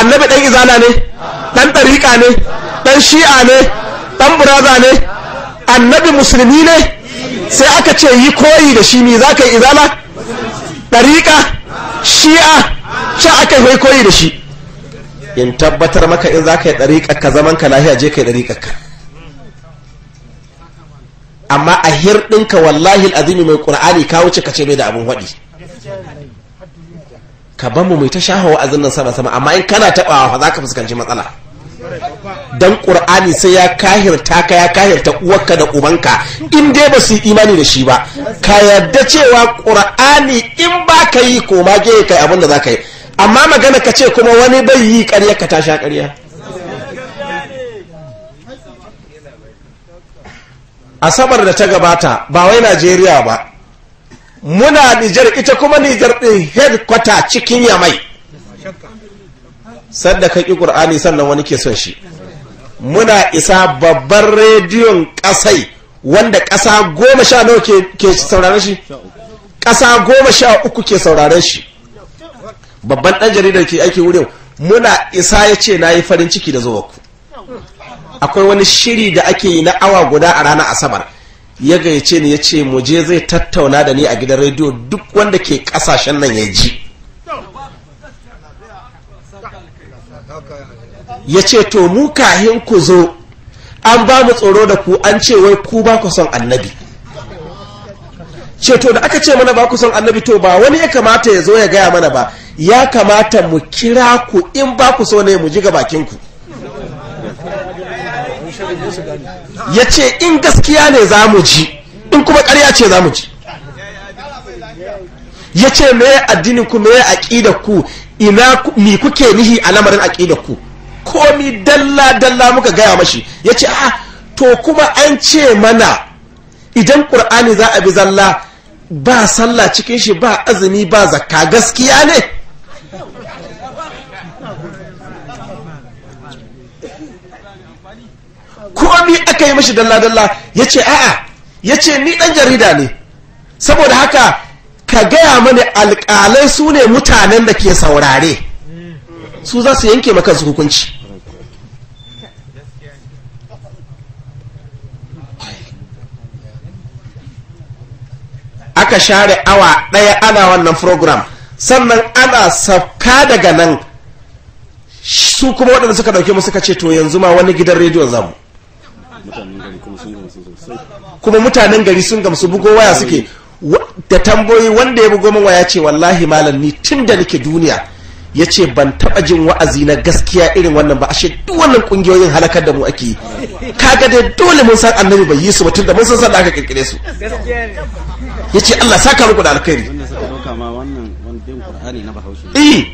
B: annabi ɗan izala ne ɗan ɗariƙa ne ɗan shi'a ne ɗan buraza ne annabi musulmi ne sai aka ce yi koyi da shi ne za ka yi izala ɗariƙa shi'a sha aka yi koyi da shi in tabbatar maka in za ka yi ɗariƙa ka zaman ka lahiya je ka yi ɗariƙa ka amma a hirɗinka wallahi azimi mai ƙur'ani ka wuce ka ce mai da abin waɗi ka ban mu mai ta hawa wa'azin nan sama sama amma in kana taɓawa fa za ka fuskanci matsala dan ƙur'ani sai ya kahirta ka ya kahirta uwarka da ubanka in dai ba su yi imani da shi ba
C: ka yarda
B: cewa ƙur'ani in ba ka yi ko ma ge kai abin da za ka yi amma magana ka ce kuma wani bai yi ƙarya ka tasha ƙarya asabar da ta gabata ba wai najeriya ba muna nijar ita kuma nijar ɗin headquarter cikin yamai sadda ka ƙi ƙur'ani sannan wani ke son shi muna isa babban rediyon ƙasai wanda ƙasa goma sha nawa ke sauraron shi ƙasa goma sha uku ke sauraron shi babban ɗan jaridar ke aiki wurin muna isa ya ce na yi farin ciki da zuwa ku akwai wani shiri da ake yi na awa guda a ranar asabar ya gayyace ni ya ce muje zai tattauna da ni a gidan rediyo duk wanda ke kasashen nan ya ji ya ce to mu kahin ku zo an ba mu tsoro da ku an ce wai ku ba ku son annabi ce to da aka ce mana ba ku son annabi to ba wani ya kamata ya zo ya gaya mana ba ya kamata mu kira ku in ba ku so ne mu ji ga bakin ya ce in gaskiya ne za mu ji in kuma karya ce za mu ji ya ce me addinin ku me aƙidar ku ina mi kuke nihi a lamarin aƙidar ku komi dalla dalla muka gaya mashi ya ce a to kuma an ce mana idan ƙur'ani za a bi zalla ba sallah cikin shi ba azumi ba zakka gaskiya ne aka yi mashi dalla-dalla ya ce a'a ya ce ni ɗan jarida ne saboda haka ka gaya mani alƙalai su ne mutanen da ke saurare su za su yanke maka su hukunci aka share awa ɗaya ana wannan program sannan ana sauka daga nan su kuma waɗanda suka ɗauke mu suka ce to yanzu ma wani gidan rediyon zamu kuma mutanen gari sun gamsu bugo waya suke da tamboyi wanda ya bugo min waya ce wallahi malam ni tun da nake duniya ya ce ban taɓa jin wa'azi na gaskiya irin wannan ba ashe duk wannan ƙungiyoyin halakar da mu ake yi kaga dai dole mun san annabi bai yi su mutum da mun san sanda aka kirkire su ya ce Allah saka muku da alkhairi eh,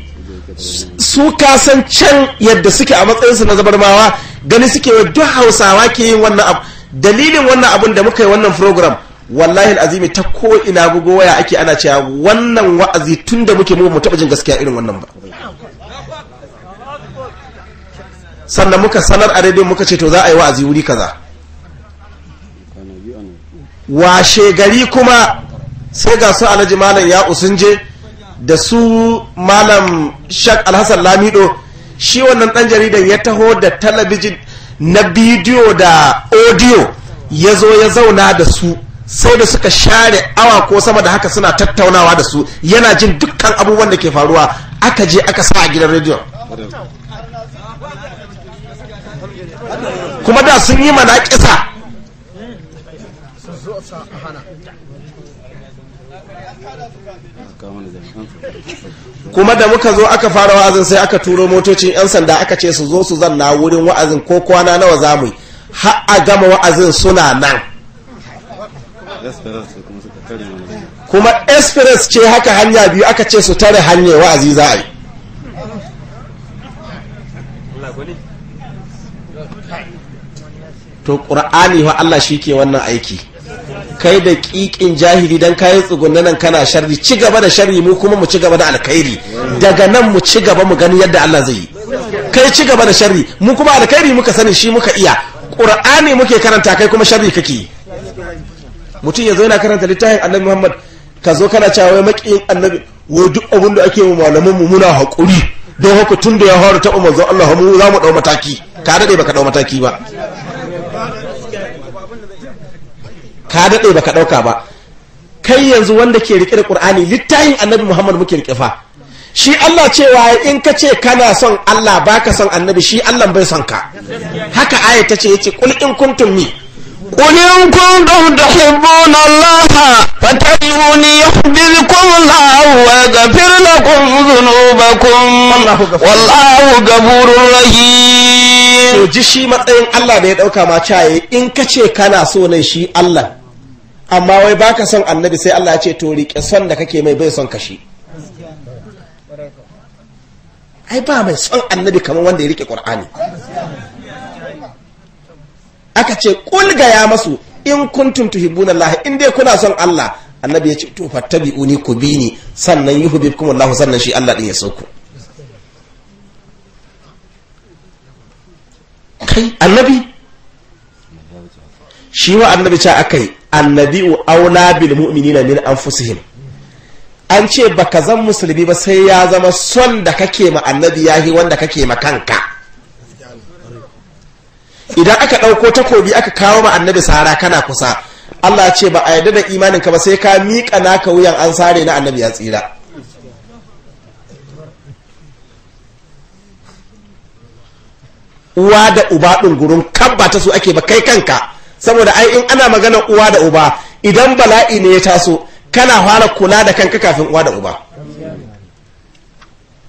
B: su ka san can yadda suke a matsayinsu na zabarmawa gani suke wa duk hausawa ke yin wannan abu dalilin wannan abin da muka yi wannan program wallahi azimi ta ko ina gugu waya ake ana cewa wannan wa'azi tun da muke mu taɓa jin gaskiya irin wannan ba sannan muka sanar a rediyon muka ce to za a yi wa'azi wuri kaza washe gari kuma sai ga su alhaji malam ya usunje je da su malam shak alhassan lamido shi wannan ɗan jaridan ya taho da talabijin na bidiyo da audio ya zo ya zauna da su sai da suka share awa ko sama da haka suna tattaunawa da su yana jin dukkan abubuwan da ke faruwa aka je aka sa a gidan rediyo
A: kuma da sun yi mana kisa sa a hana kuma da muka zo aka fara wa'azin sai
B: aka turo motocin 'yan sanda aka ce su zo su zanna wurin wa'azin ko kwana nawa za mu yi har a gama wa'azin suna nan kuma express ce haka hanya biyu aka ce su tare hanyar wa'azi za a yi to ƙura'ani wa Allah shi ke wannan aiki kai da ƙiƙin jahili dan kayi nan kana sharri ci gaba da shari mu kuma mu ci gaba da alkhairi daga nan mu ci gaba mu gani yadda Allah zai yi kai ci gaba da sharri mu kuma alkhairi muka sani shi muka iya qur'ani muke karanta kai kuma sharri kake mutum ya zo yana karanta littafin annabi muhammad ka zo kana cewa wai makiyin annabi wai duk abin da ake malaman mu muna haƙuri don haka tun da ya hawar ta umar zo Allah mu za mu ɗau mataki ka daɗe baka ɗau mataki ba ka daɗe ba ka ɗauka ba kai yanzu wanda ke rike da ƙur'ani littafin annabi muhammad muke rike fa shi Allah cewa in ka ce kana son Allah baka son annabi shi Allah bai son ka haka aya ta ce yace kul in kuntum ni
A: قل إن كنتم تحبون الله فاتبعوني يحببكم الله ويغفر لكم ذنوبكم والله
B: غفور رحيم to ji shi matsayin Allah da ya ɗauka ma caye in ka ce kana so ne shi Allah amma wai baka son annabi sai Allah ya ce to riƙe son da kake mai bai son kashi ai ba mai son annabi kamar wanda ya riƙe qur'ani. aka ce kulga ya masu in kuntum tuhibbuna Allah in dai kuna son Allah annabi ya ce to fattabi'uni ku bi ni sannan yuhibbukum Allah sannan shi Allah din ya sauko kai annabi shi wa annabi ce akai annabi'u aula bil mu'minina min anfusihim an ce baka zan musulmi ba sai ya zama son da kake ma annabi yahi wanda kake ma kanka idan aka ɗauko takobi aka kawo ma annabi sara kana kusa Allah ce ba a yarda da imaninka ba sai ka miƙa naka wuyan an sare na annabi ya tsira uwa da uba gurin kabba ta su ake ba kai kanka saboda ai in ana magana uwa da uba idan bala'i ne ya taso kana fara kula da kanka kafin uwa da uba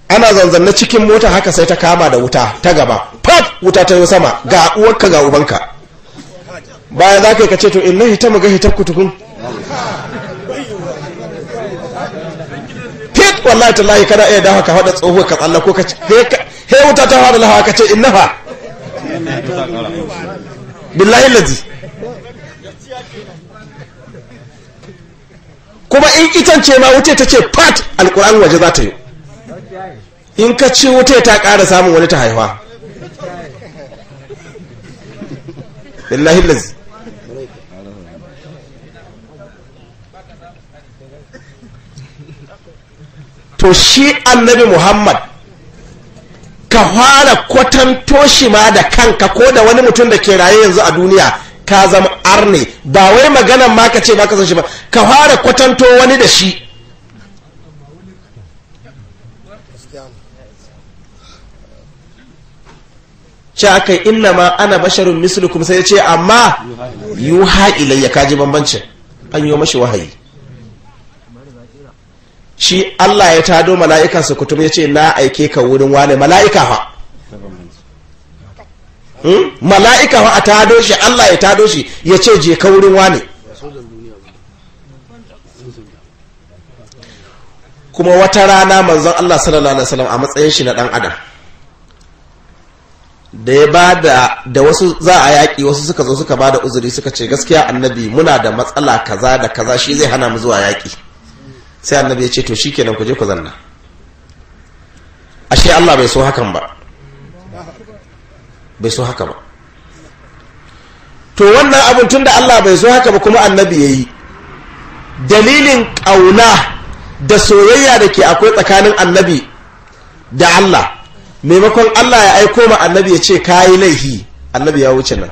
B: ana zanzanne cikin mota haka sai ta kama da wuta ta gaba pop wuta ta yi sama ga uwarka ga ubanka bayan za ka yi kace to in hita mu ga hitar kutukun hit wallahi tallahi kana iya dafa ka faɗa tsoho ka tsalla ko ka he wuta ta faɗa lahawa ka ce innaha billahi lazi kuma in itance ma wuce ta ce fat alkur'an waje za ta yi in ka ci wuce ta ƙara samun wani ta haihuwa billahi to shi annabi muhammad ka fara kwatanto shi ma da kanka ko da wani mutum da ke raye yanzu a duniya ka zama ar ne ba wai maganan ma ka ce ba ka san shi ba ka fara kwatanto wani da shi ce aka inna ma ana basharun mislukum sai ce amma yuha ya kaji bambancin an yi mashi wahayi shi Allah ya tado mala'ikansa kutum ya ce na aike ka wurin wane mala'ika fa mala'ika wa a tado shi Allah ya tado shi ya ce je ka wurin wane kuma wata rana manzon Allah sallallahu alaihi wasallam a matsayin shi na dan adam da ya ba da wasu za a yaƙi wasu suka zo suka ba da uzuri suka ce gaskiya annabi muna da matsala kaza da kaza shi zai hana mu zuwa yaƙi sai annabi ya ce to shikenan ku je ku zanna ashe Allah bai so hakan ba bai so haka ba to wannan abin tun da Allah bai so haka ba kuma annabi ya yi dalilin ƙauna da soyayya da ke akwai tsakanin annabi da Allah maimakon Allah ya aiko ma annabi ya ce kayi laifi, annabi ya wuce nan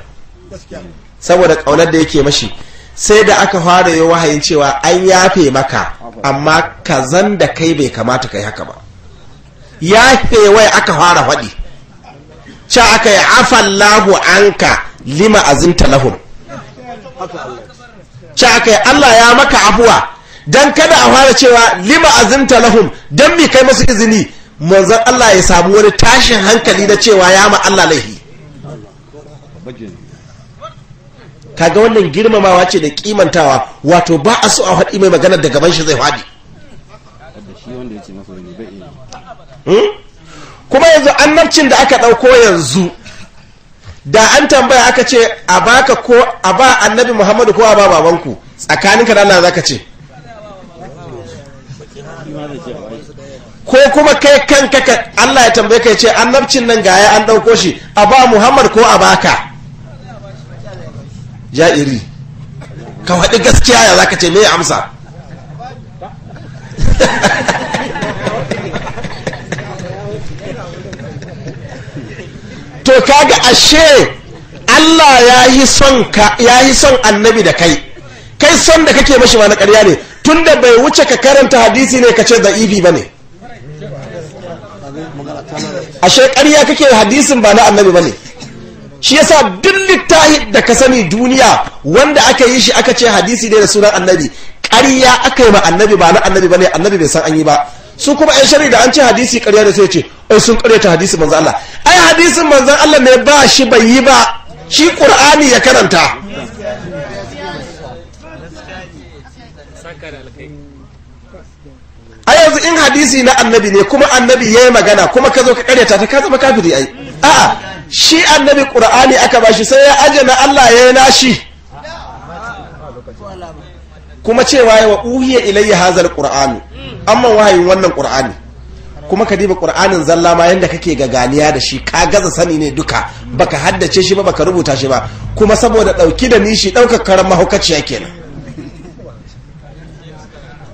B: saboda ƙaunar da yake mashi sai da aka fara yi wahayin cewa an yafe maka amma ka zan da kai bai kamata kai haka ba yafe wai aka fara faɗi Ca aka yi afallahu anka lima azinta lahum Ca aka yi Allah ya maka abuwa don kada a fara cewa lima azinta lahum don mi kai masu izini manzan Allah ya samu wani tashin hankali na cewa ya ma Allah laihi kaga wannan girmamawa ce da kimantawa wato ba a so a faɗi mai magana da gaban shi zai faɗi hmm? kuma yanzu annabcin da aka ɗauko yanzu da an tambaya aka ce a baka ko a ba annabi muhammadu ko a ba babanku tsakaninka da Allah za ka ce ko kuma kai kanka ka Allah ya tambaye ka ya ce annabcin nan ga ya an ɗauko shi a ba Muhammadu ko a baka ja'iri ka waɗi gaskiya ya za ka ce me ya amsa to kaga ashe Allah ya yi son annabi da kai kai son da kake mashi ma na ƙarya ne tun da bai wuce ka karanta hadisi ne ka ce ibi ba ne ashe ƙarya kake hadisin ba na annabi ba ne shi yasa duk littahi da ka sani duniya wanda aka yi shi aka ce hadisi ne da sunan annabi ƙarya aka yi ma annabi ba na annabi ba ne annabi bai san an yi ba su kuma yan shari'a da an ce hadisi ƙarya da sai ce ai sun ta hadisi manzan Allah ai hadisin manzan Allah ne ba shi bai yi ba shi ƙur'ani ya karanta Ai yanzu in hadisi na annabi ne kuma annabi ya yi magana kuma ka zo ka karyata ta ka zama kafiri ai a'a shi annabi qur'ani aka ba shi, sai ya ajana Allah ya yi nashi kuma cewa ya wa uhiya ilayya hazal qur'ani amma wahayin wannan qur'ani kuma ka diba qur'anin zalla ma yanda kake ga ganiya da shi ka gaza sani ne duka baka haddace shi ba baka rubuta shi ba kuma saboda ɗauki da nishi daukar karan mahaukaciya kenan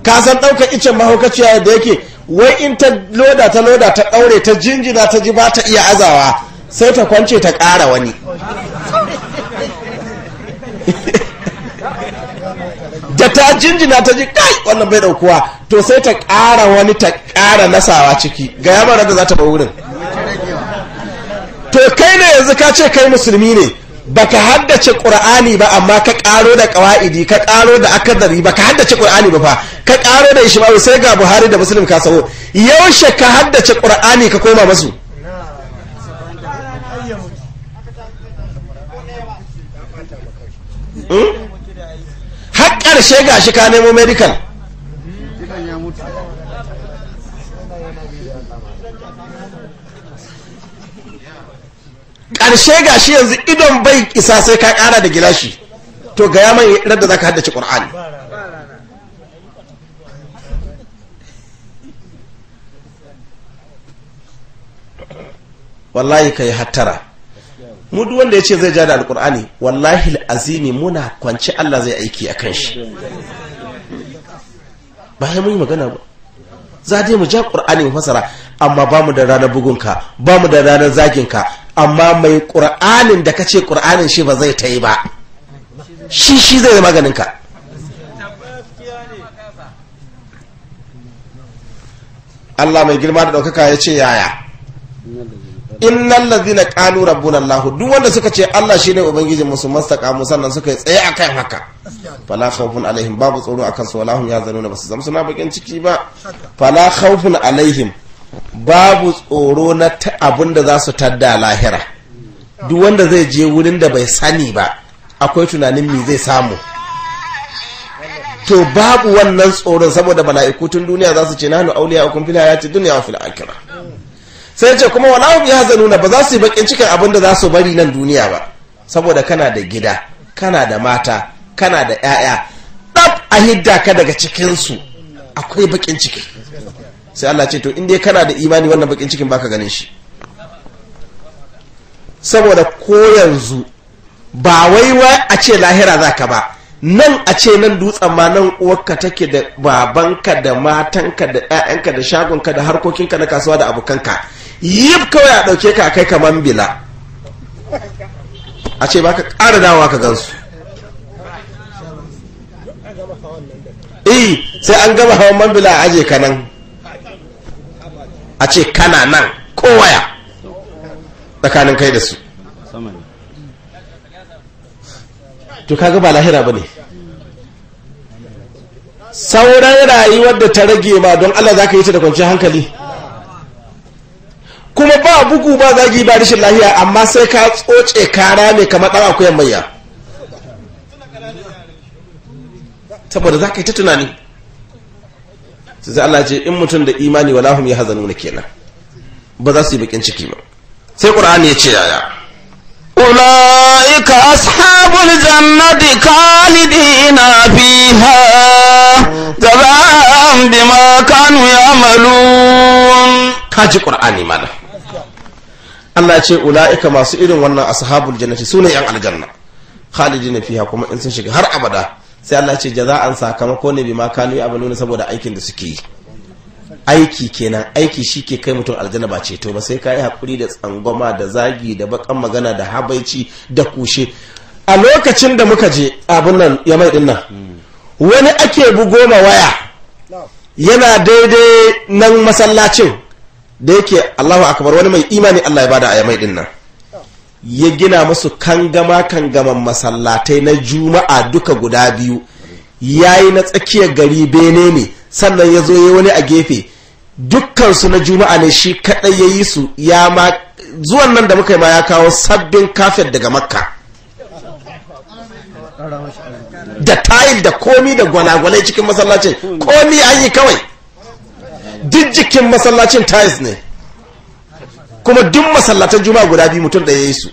B: ka san ɗaukar icen mahaukaciya yadda yake wai in ta loda ta loda ta daure ta jinjina ta ji ba ta iya azawa sai ta kwance ta ƙara wani da ta jinjina ta ji kai wannan bai daukuwa to sai ta ƙara wani ta ƙara nasawa ciki ga yamma da za ta ba wurin to kai ne yanzu ka ce kai musulmi ne baka haddace qur'ani ba amma ka ƙaro da ƙawa'idi, ka ƙaro da akadari baka haddace qur'ani ba fa ka karo da ishmawi sai ga buhari da muslim ka sawo yaushe ka haddace qur'ani ka koma masu hmm? ƙarshe ga shi ka nemo medical ƙarshe ga shi yanzu idon bai isa sai ka ƙara da gilashi to ga yaman yadda za ka haddace ƙur'ani wallahi ka yi hattara mu duk wanda ya ce zai ja da alkur'ani wallahi azimi muna kwanci Allah zai aiki a kan shi ba ya mun yi magana ba za dai mu ja ƙur'ani mu fasara amma ba mu da ranar bugunka ba mu da ranar zaginka amma mai ƙur'anin da ka ce ƙur'anin shi ba zai ta yi ba shi shi zai yi maganinka Allah mai girma da ɗaukaka ya ce yaya innal nan qalu rabbuna allah duk wanda suka ce allah shine ubangijin musu mastaqamu sannan suka tsaye akan haka fala khawfun alaihim babu tsoro akan su wala hum yazanuna basu zama suna bakin ciki ba fala khawfun alaihim babu tsoro na abin da za su tadda lahira duk wanda zai je wurin da bai sani ba akwai tunanin me zai samu to babu wannan tsoron saboda bala'iku tun duniya za su ce nanu auliya ukun fil hayati dunya wa fil akhirah sai ce kuma wala hum zanuna ba za su yi bakin cikin abin da za su bari nan duniya ba saboda kana da gida kana da mata kana da 'ya'ya ɗaf a hidda ka daga cikinsu akwai bakin ciki sai Allah ce to inda kana da imani wannan bakin cikin baka ganin shi saboda ko yanzu ba wai wai a ce lahira za ka ba nan a ce nan dutsen ma nan uwarka take da babanka da matanka da 'ya'yanka da shagonka da harkokinka na kasuwa da abokanka yib kawai a ɗauke ka kai kamar bila a ce ba ka ƙara dawa ka gansu eh sai an gama hawan mambila a aje ka nan a ce kana nan kowaya tsakanin kai da su to kaga ba lahira ba ne sauran rayuwar da ta rage ma don allah za ka yi ta da kwanciyar hankali kuma ba bugu ba zagi ba rashin lahiya amma sai ka tsoce kara mai kamar ɗan akuyan mayya saboda za ka yi ta tunani sai Allah ce in mutum da imani ya hum yahzanuna kenan ba za su yi bakin ciki ba sai qur'ani ya ce yaya
A: ulaika ashabul jannati khalidina fiha jazaa'an bima kanu ya
B: Ka ji kaji ma malam Allah ce ula'ika masu irin wannan ashabul jannati sune yan aljanna khalidin fiha kuma in sun shiga har abada sai Allah ce jaza'an sakamako ne bima kanu abanu saboda aikin da suke yi aiki kenan aiki shi ke kai mutum aljanna ba ceto ba sai ka yi hakuri da tsangwama da zagi da bakan magana da habaici da kushe a lokacin da muka je abun nan ya mai dinnan wani ake bugo ma waya yana daidai nan masallacin da yake Allahu akbar wani mai imani Allah ya bada a yamai din nan ya gina musu kangama kangaman masallatai na juma'a duka guda biyu yayi na tsakiyar gari bene ne sannan ya zo ya wani a gefe dukkansu na juma'a ne shi kaɗai ya yi su ya ma zuwan nan da muka yi ma ya kawo sabbin kafet daga makka da tayil da komi da gwanagwanai cikin masallacin komi an yi kawai duk jikin masallacin tais ne kuma duk masallatan Juma guda biyu mutum da ya yi su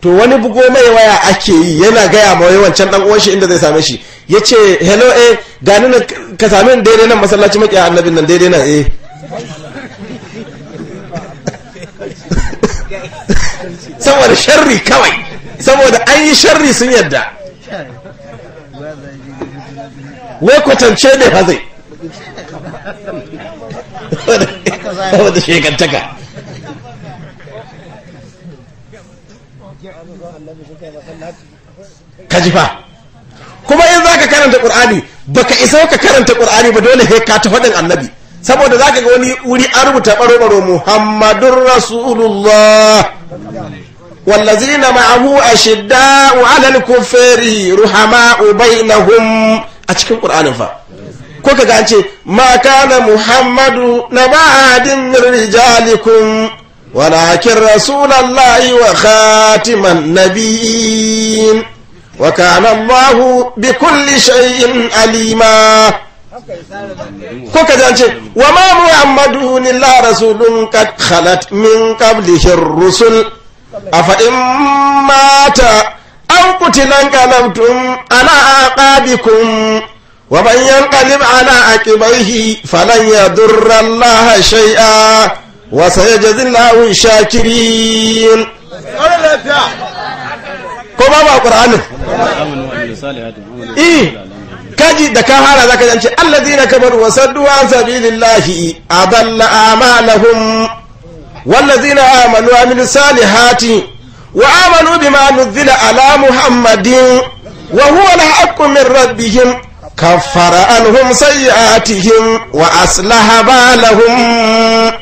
B: to wani bugo mai waya ake yi yana gaya ma wancan dan uwan shi inda zai same shi ya ce hello eh gani na ka sami ni daidai nan masallaci maƙiya annabin nan daidai nan eh saboda sharri kawai saboda an yi sharri sun yadda wai kwatance ne fa zai
C: saboda shekantaka
B: ka jifa kuma in za ka karanta ƙur'ani ka isa ka karanta ƙur'ani ba dole heka ka ta faɗin annabi saboda za ka ga wani wuri an rubuta ɓaro-ɓaro muhammadun rasulullah والذين معه أشداء على الكفار رحماء بينهم أتكلم قرآن فا كوكا كانتي ما كان محمد نبا أحد من رجالكم ولكن رسول الله وخاتم النبيين وكان الله بكل شيء عليما ko ka zance wa ma muhammadu illa rasulun kad khalat min qablihi rusul A in mata aw qutilan ana a aqabikum wa man yanqalib ala aqibaihi falan yadurra allaha shay'a wa sayajzi allahu shakirin ko ba ba qur'anin eh, kaji da ka hara zaka jance alladina kabaru wa saddu an sabilillahi adalla a'malahum والذين آمنوا وعملوا الصالحات وآمنوا بما نزل على محمد وهو الحق من ربهم كفر عنهم سيئاتهم وأصلح بالهم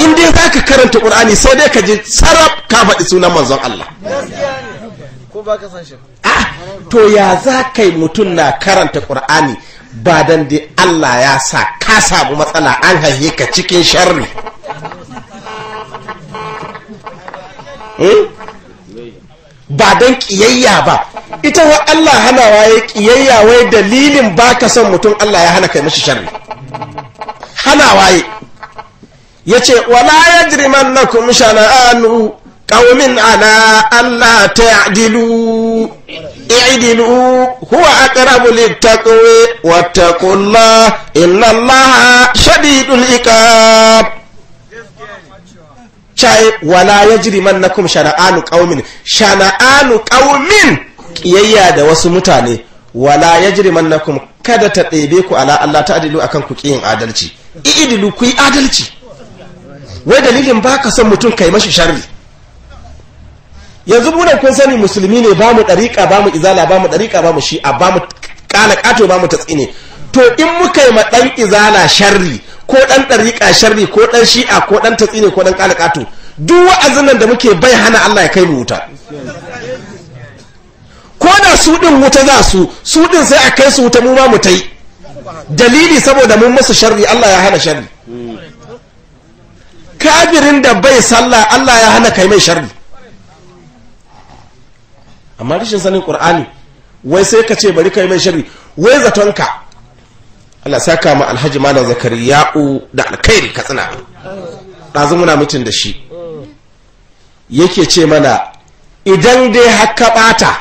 B: in dai za ka karanta ƙur'ani sai dai ka ji sarab ka faɗi sunan manzon Allah to ya za ka mutum na karanta ƙur'ani ba dan Allah ya sa ka samu matsala an haihe ka cikin sharri hmm? ba don ƙiyayya ba ita wa Allah hanawa ya ƙiyayya wai dalilin ba ka son mutum Allah ya hana kai mashi sharri hanawa ya ce wala ya jiriman na kuma shana'anu قوم على ألا تعدلوا اعدلوا هو أقرب للتقوى واتقوا الله إن الله شديد العقاب شاي ولا يجري منكم شنآن قوم شنآن قوم kiyayya da wasu mutane wala yajri kada ta ɗebe ku ala Allah ta akan ku yin adalci idilu ku yi adalci wai dalilin baka son mutum kai mashi sharri yanzu ne kun sani musulmi ne ba mu dariƙa ba mu izala ba mu dariƙa ba mu shi'a ba mu ƙala ƙato ba mu tatsine to in muka yi ma ɗan izala sharri ko ɗan dariƙa sharri ko ɗan shi'a ko ɗan tatsine ko ɗan ƙala ƙato duk wa'azin nan da muke bai hana Allah ya kai mu wuta ko da su ɗin wuta za su su ɗin sai a kai su wuta mu ma mu tai dalili saboda mun musu sharri Allah ya hana sharri kafirin da bai sallah Allah ya hana kai mai sharri amma rashin sanin qur'ani wai sai ka ce bari kai mai shari wai zatonka Allah saka ma Alhaji Malam Zakariya'u da alkhairi katsina ɗazu muna mutum da shi yake ce mana idan dai haka ɓata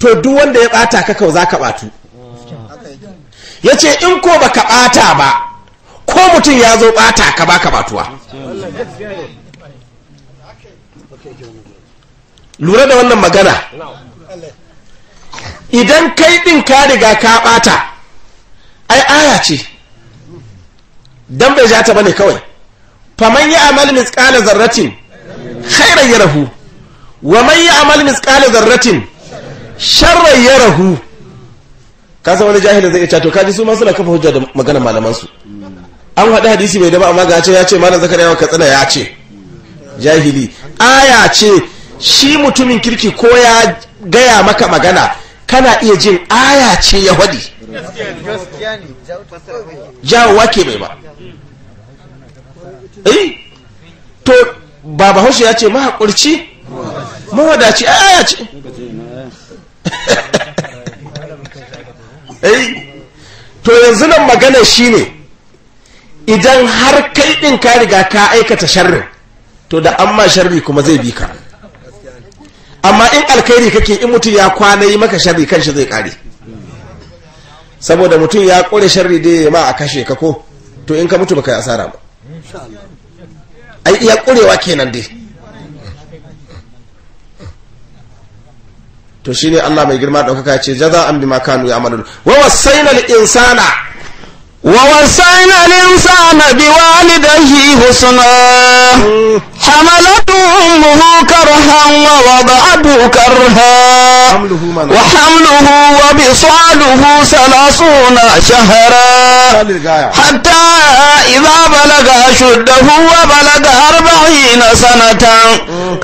B: to duk wanda ya ɓata ka zaka za ka ɓatu ya in ko ba ka ɓata ba ko mutum ya zo ɓata ka ba ka ɓatuwa lura da wannan magana idan kai ɗin ka riga ka ɓata ai aya ce don bai ja ta bane kawai faman yi amal misƙala zarratin khairan ya rahu wa man yi amal misƙala zarratin sharran ya rahu ka san wani jahilin zai iya to kaji su ma suna kafa hujja da maganar malamansu an haɗe hadisi mai daba amma ga ya ce malam zakariya wa katsina ya ce jahili aya ce shi mutumin kirki ko ya gaya maka magana kana iya jin aya ce ya hadi jawowa ke mai ba eh to baba hushe ya ce mahaƙurci mawadaci aya ce eh to yanzu nan magana shi ne, idan har kai ɗin ka riga ka aikata sharri to da an ma sharri kuma zai bi ka amma in alkhairi kake in mutum ya kwana yi maka sharri kanshi zai kare saboda mutum ya kure sharri da ya ma a kashe ka ko to in ka mutu baka asara ba ai iya kurewa kenan dai to shine Allah mai girma daukaka ce jaza'an bima kanu ya'malun wa
A: wasaina al-insana wa wasaina al-insana biwalidayhi husna حملته أمه كرها ووضعته كرها وحمله وبصاله ثلاثون شهرا حتى إذا بلغ أشده وبلغ أربعين سنة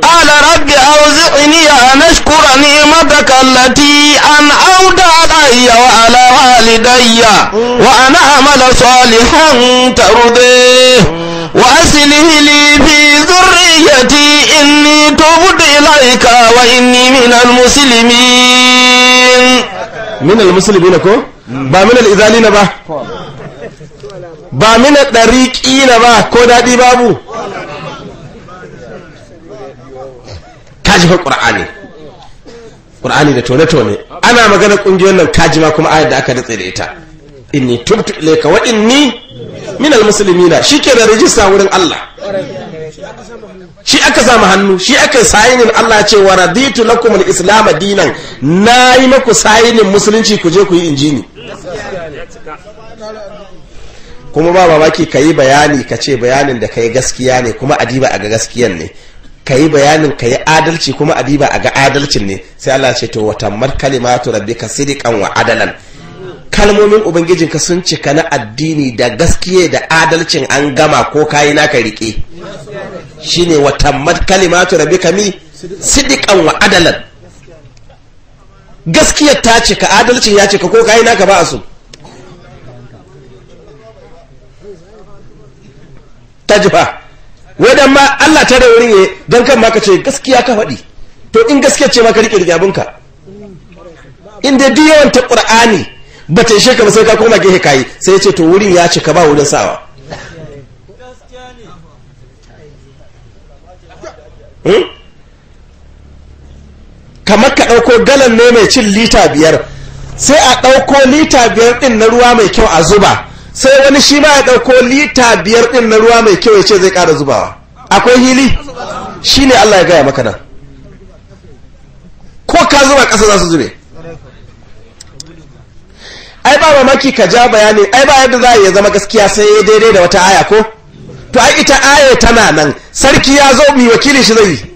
A: قال رب أوزعني أن أشكر نعمتك التي أن أودى علي وعلى والدي وأن أعمل صالحا ترضيه وأصله لي في ذريتي إني تبت إليك وإني من المسلمين من المسلمين كو
B: با من الإذالين با ba mina ɗariƙi na ba ko daɗi babu kajifar ƙur'ani ƙur'ani da tone ana maganar ƙungiyoyin nan kajima kuma ayar da aka datse da ita inni tubtu ilaika wa inni minal musulmina shi ke rijista wurin Allah shi aka samu hannu shi aka sayinin Allah ce wa raditu lakum islam dinan nayi maku sayinin musulunci ku je ku yi injini kuma ba mamaki ka yi bayani kace bayanin da kai yi gaskiya ne kuma adiba a ga gaskiyan ne ka bayanin ka adalci kuma adiba a ga adalcin ne sai Allah ce to wata mar kalimatu rabbika sidqan wa adalan kalmomin ubangijinka sun cika na addini da gaskiya da adalcin an gama ko kayi naka rike shine watan kalima kalimatu rabi kami sidqan wa adalan gaskiyar ta cika adalcin ya cika ko kayi naka ba a ta jifa wadan ma Allah ta da wurin don kan ma ka ce gaskiya ka faɗi to in gaskiya ce maka ka rike rike abinka in duk yawan ta qur'ani ba ta ishe ka sai ka koma gehe kayi sai ya ce to wurin ya cika ba wurin sawa hmm? kamar ka ɗauko galan ne mai cin lita biyar sai a ɗauko lita biyar ɗin na ruwa mai kyau a zuba sai wani shi ma ya ɗauko lita biyar ɗin na ruwa mai kyau ya ce zai ƙara zubawa akwai hili shi ne allah ya gaya maka nan ko ka zuba ƙasa za su zube ai ba mamaki ka ja bayani ai ba yadda za a iya zama gaskiya sai ya daidai da wata aya ko to ai ita aya tana nan sarki ya zo mi wakilin shi zai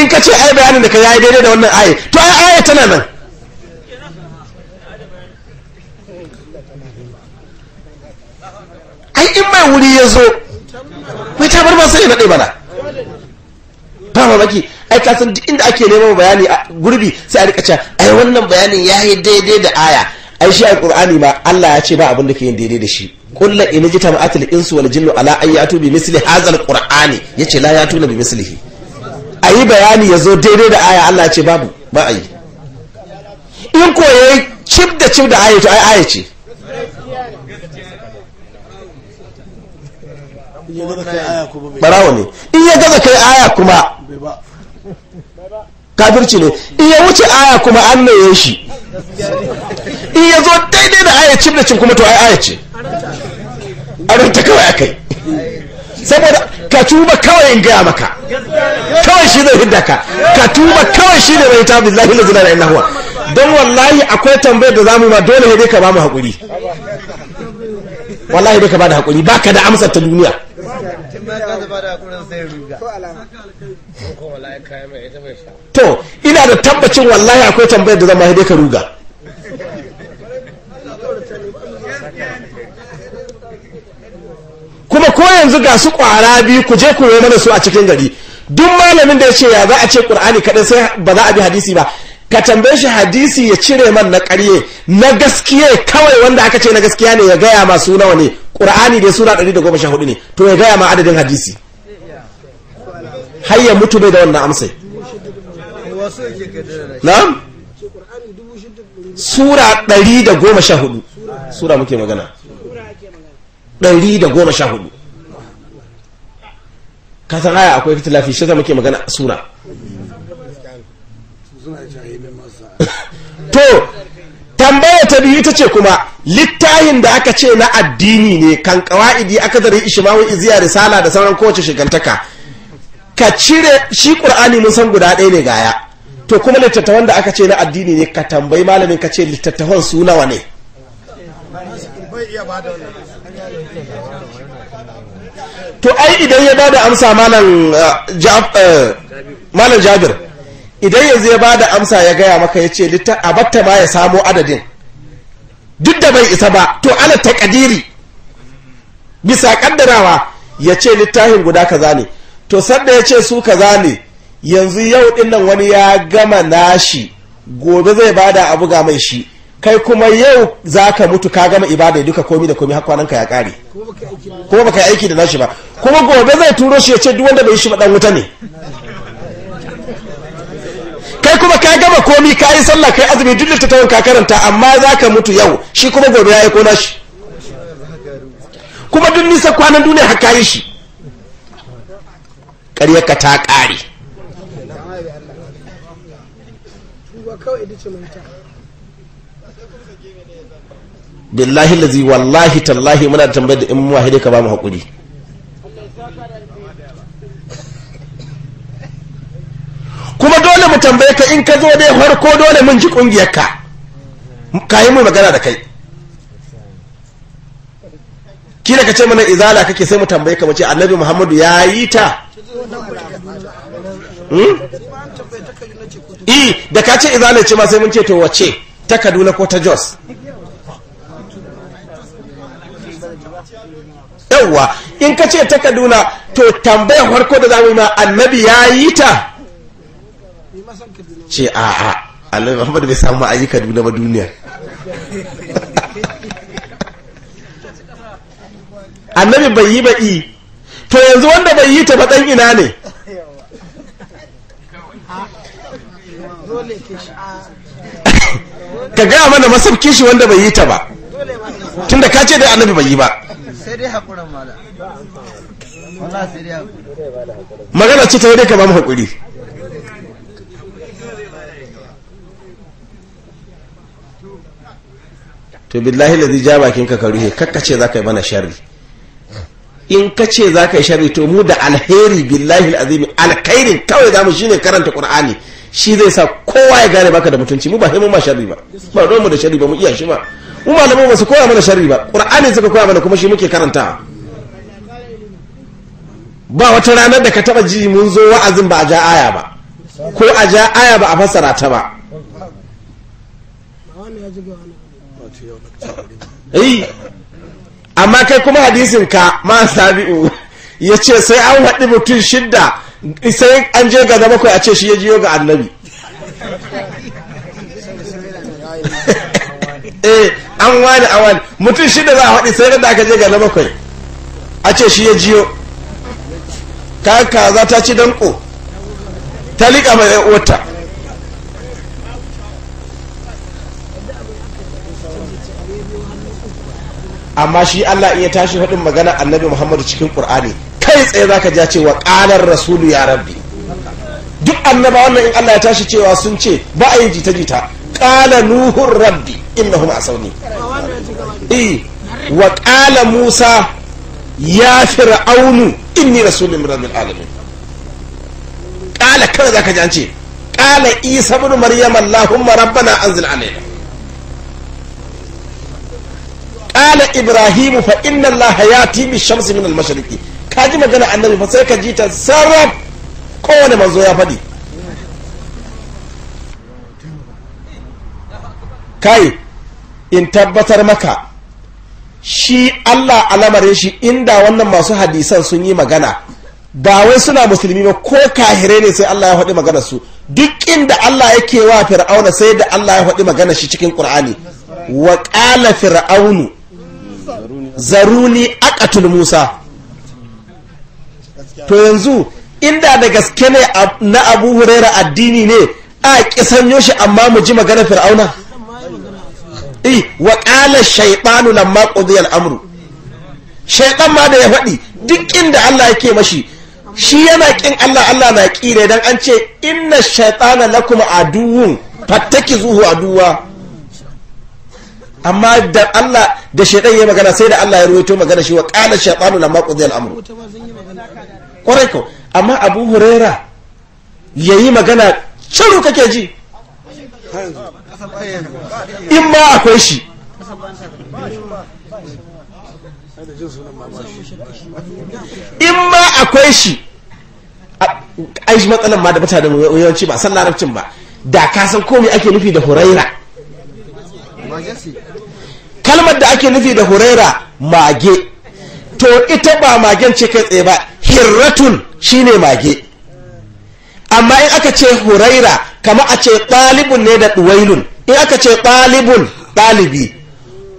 B: in ka ce ai bayanin da ka yi daidai da wannan aya to ai aya tana nan ai in mai wuri ya zo mai tabar ba sai ya naɗe bana ba mamaki ai ka san duk inda ake neman bayani a gurbi sai a rika cewa ai wannan bayanin ya yi daidai da aya ai shi alqur'ani ma Allah ya ce ba abin da ke yin daidai da shi qul la in jita ma'atil insu wal jinnu ala ayatu bi misli hadzal qur'ani yace la yatuna bi mislihi ayi bayani yazo daidai da aya Allah ya ce babu ba ayi in ko yayi cib da cib da aya to ai aya ce barawo ne in ya gaza kai aya kuma kafirci ne in ya wuce aya kuma an naye shi in ya zo daidai da aya cin da cin kuma to ai aya ce a ta kawai akai saboda ka tuba kawai in gaya maka kawai shi zai hidda ka ka tuba kawai shi ne mai tabi lahi lazina da illahuwa don wallahi akwai tambayar da zamu ma dole ne ka ba mu haƙuri wallahi dai ka ba da haƙuri ba ka da amsar ta duniya to ina da tabbacin wallahi akwai tambayar da zama dai ka ruga kuma ko yanzu ga su kwara biyu ku je ku mana su a cikin gari duk malamin da ya ce ya za a ce ƙur'ani kaɗai sai ba za a bi hadisi ba ka tambaye shi hadisi ya cire man na ƙarye na gaskiye kawai wanda aka ce na gaskiya ne ya gaya ma su nawa ne ƙur'ani goma sura 114 ne to ya gaya ma adadin hadisi hayya mutu bai da wannan amsai na'am sura 114 sura muke magana 114 ka san aya akwai fitilafi shi zama muke magana a sura to tambaya ta biyu ta ce kuma littahin da aka ce na addini ne kan kawa'idi aka zari ishimahu iziya risala da sauran kowace shigantaka ka cire shi ƙur'ani mun san guda ɗaya ne gaya to kuma littattafan da aka ce na addini ne ka tambayi malamin ka ce littattafan su nawa ne to ai idan ya bada amsa malam eh, eh, jabir idan yanzu ya da amsa ya gaya maka ya ce a batta ma ya samo adadin duk da bai isa ba to ana kadiri bisa kaddarawa ya ce littafin guda kaza ne to sadda ya ce su kaza ne yanzu yau dinnan wani ya gama nashi gobe zai bada abu ga mai shi kai kuma yau za ka mutu ka gama ibada duka komi da komi har kwananka ya kare kuma baka yi aiki da nashi ba kuma gobe zai turo shi ya ce duk wanda bai shi ba dan wuta ne kai kuma ka gama komi ka yi sallah kai azumi duk littattafan ka karanta amma za ka mutu yau shi kuma gobe ya yi ko nashi. kuma duk nisa kwanan duniya haka yi shi ƙaryarka ta ƙare billahi lazi wallahi tallahi muna tambayar da in muwa hidai ka ba mu haƙuri kuma dole mu tambaye ka in ka zo dai farko dole mun ji ƙungiyarka ka yi mu magana da kai kira ka ce mana izala kake sai mu tambaye ka mace annabi muhammadu ya yi ta Hmm? eh da ka ce izala ce ma sai mun ce to wace ta kaduna ko ta jos yawa in ka ce ta kaduna to tambayar farko da zamu ma annabi ya yi ta ce a'a annabi muhammad bai samu ayi kaduna ba duniya annabi bai yi ba i. to yanzu wanda bai yi ta faɗan ina ne ka gaya mana masar kishi wanda bai yi ta ba tunda ka ce da annabi bai yi ba magana ce ta yi ka ba mu haƙuri to billahi zai ja bakin ka ka ruhe ce za ka yi mana sharri in ka ce za ka yi sharri to mu da alheri billahi al'azimi. alkhairin kawai za mu shi ne karanta qur'ani shi zai sa kowa ya gane baka da mutunci mu ba sai mun ba sharri ba ba don mu da sharri ba mu iya shi ba mu malamu ba su koya mana sharri ba qur'ani suka koya mana kuma shi muke karanta ba wata ranar da ka taba ji mun zo wa'azin ba a ja aya ba ko a ja aya ba a fassara ta ba amma kai kuma hadisin ka ma sabi'u ya ce sai an haɗi mutum shidda sai an je ga bakwai a ce shi ya jiyo ga annabi eh an wani a wani mutum shida za a haɗi sai da aka je ga bakwai a ce shi ya jiyo ta kaza ta ci danko ta liƙa mai wata amma shi Allah iya tashi faɗin magana annabi Muhammadu cikin Qur'ani kai tsaye zaka ja cewa qalar rasulu ya rabbi duk annaba wannan in Allah ya tashi cewa sun ce ba a yin jita jita qala nuhur rabbi innahum asawni eh wa qala musa ya fir'aunu inni rasulun min rabbil alamin qala kai zaka ji an ce qala isa ibn maryam allahumma rabbana anzil alaina kala ibrahimu fa inna allaha yati bi shamsi min al mashriqi ka ji magana annabi fa sai ka ji ta sarraf kowane manzo ya faɗi kai in tabbatar maka shi Allah alamare shi inda wannan masu hadisan sun yi magana ba wai suna musulmi ba ko kahire ne sai Allah ya faɗi magana su duk inda Allah yake wa fir'auna sai da Allah ya faɗi magana shi cikin Qur'ani wa qala fir'aunu zaruni akatul musa to yanzu inda da gaske ne na abu huraira addini ne a sanyo shi amma mu ji magana fir'auna eh wa qala shaytanu lamma qudiya al-amru shaiɗan ma da ya faɗi duk inda Allah yake mashi shi yana kin Allah Allah na kire dan an ce inna shaytana lakum aduwwun fattakizuhu aduwwa amma da Allah da shaidan ya magana sai da Allah ya ruwaito magana shi wa qala shaytanu lamma qudiya al-amru kwarai ko amma Abu Huraira yayi magana shiru kake ji in ma akwai shi in ma akwai shi yi matsalan ma da da yawanci ba san larabcin ba da ka san komai ake nufi da huraira kalmar da ake nufi da huraira mage to ita ba magen ce kai tsaye ba hirratun shine mage amma in aka ce huraira kama a ce ɗalibun ne da ɗuwailun in aka ce ɗalibun ɗalibi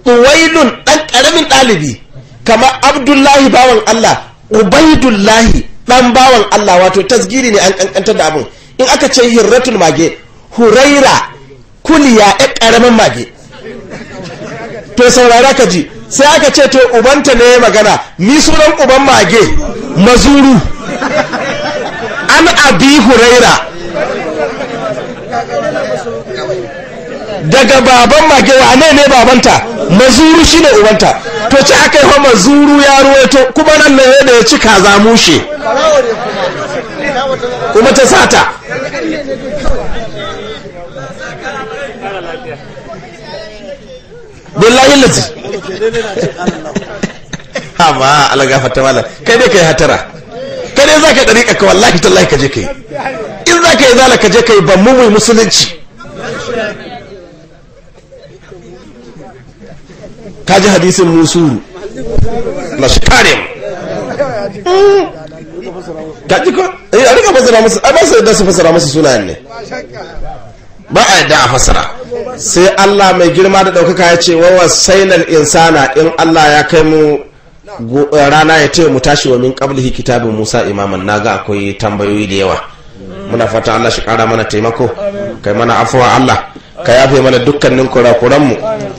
B: ɗuwailun ɗan ƙaramin ɗalibi kama abdullahi bawan allah ubaidullahi ɗan bawan allah wato tasgiri ne an ƙanƙantar da abin in aka ce hirratun mage huraira kuliya ya ƙaramin mage to saurara ka ji sai aka ce to ubanta ne ya magana ni sunan uban mage mazuru an abi huraira daga baban mage wane ne babanta mazuru shine ubanta to ci aka yi mazuru ya ruwaito kuma nan na da ya ci kaza mushe
C: kuma ta sata
A: billahi lati
B: amma Allah gafarta mala kai dai kai hatara kai dai zaka dariƙa ka wallahi tallahi ka je kai in zaka yi zala ka je kai ban mu mai musulunci ka ji hadisin musul la shi mu hmm. ka ji ko eh rika fasara musu a ba su da su fasara musu sunayen ne ba a yadda a fasara sai Allah mai girma da ɗaukaka ya ce wa wasainal insana in Allah ya kai mu eh, rana ya ce mu tashi wa min qablihi kitabin Musa imaman naga akwai tambayoyi da yawa muna fata Allah shi kara mana taimako kai mana afuwa Allah ka yafe mana dukkanin kurakuranmu.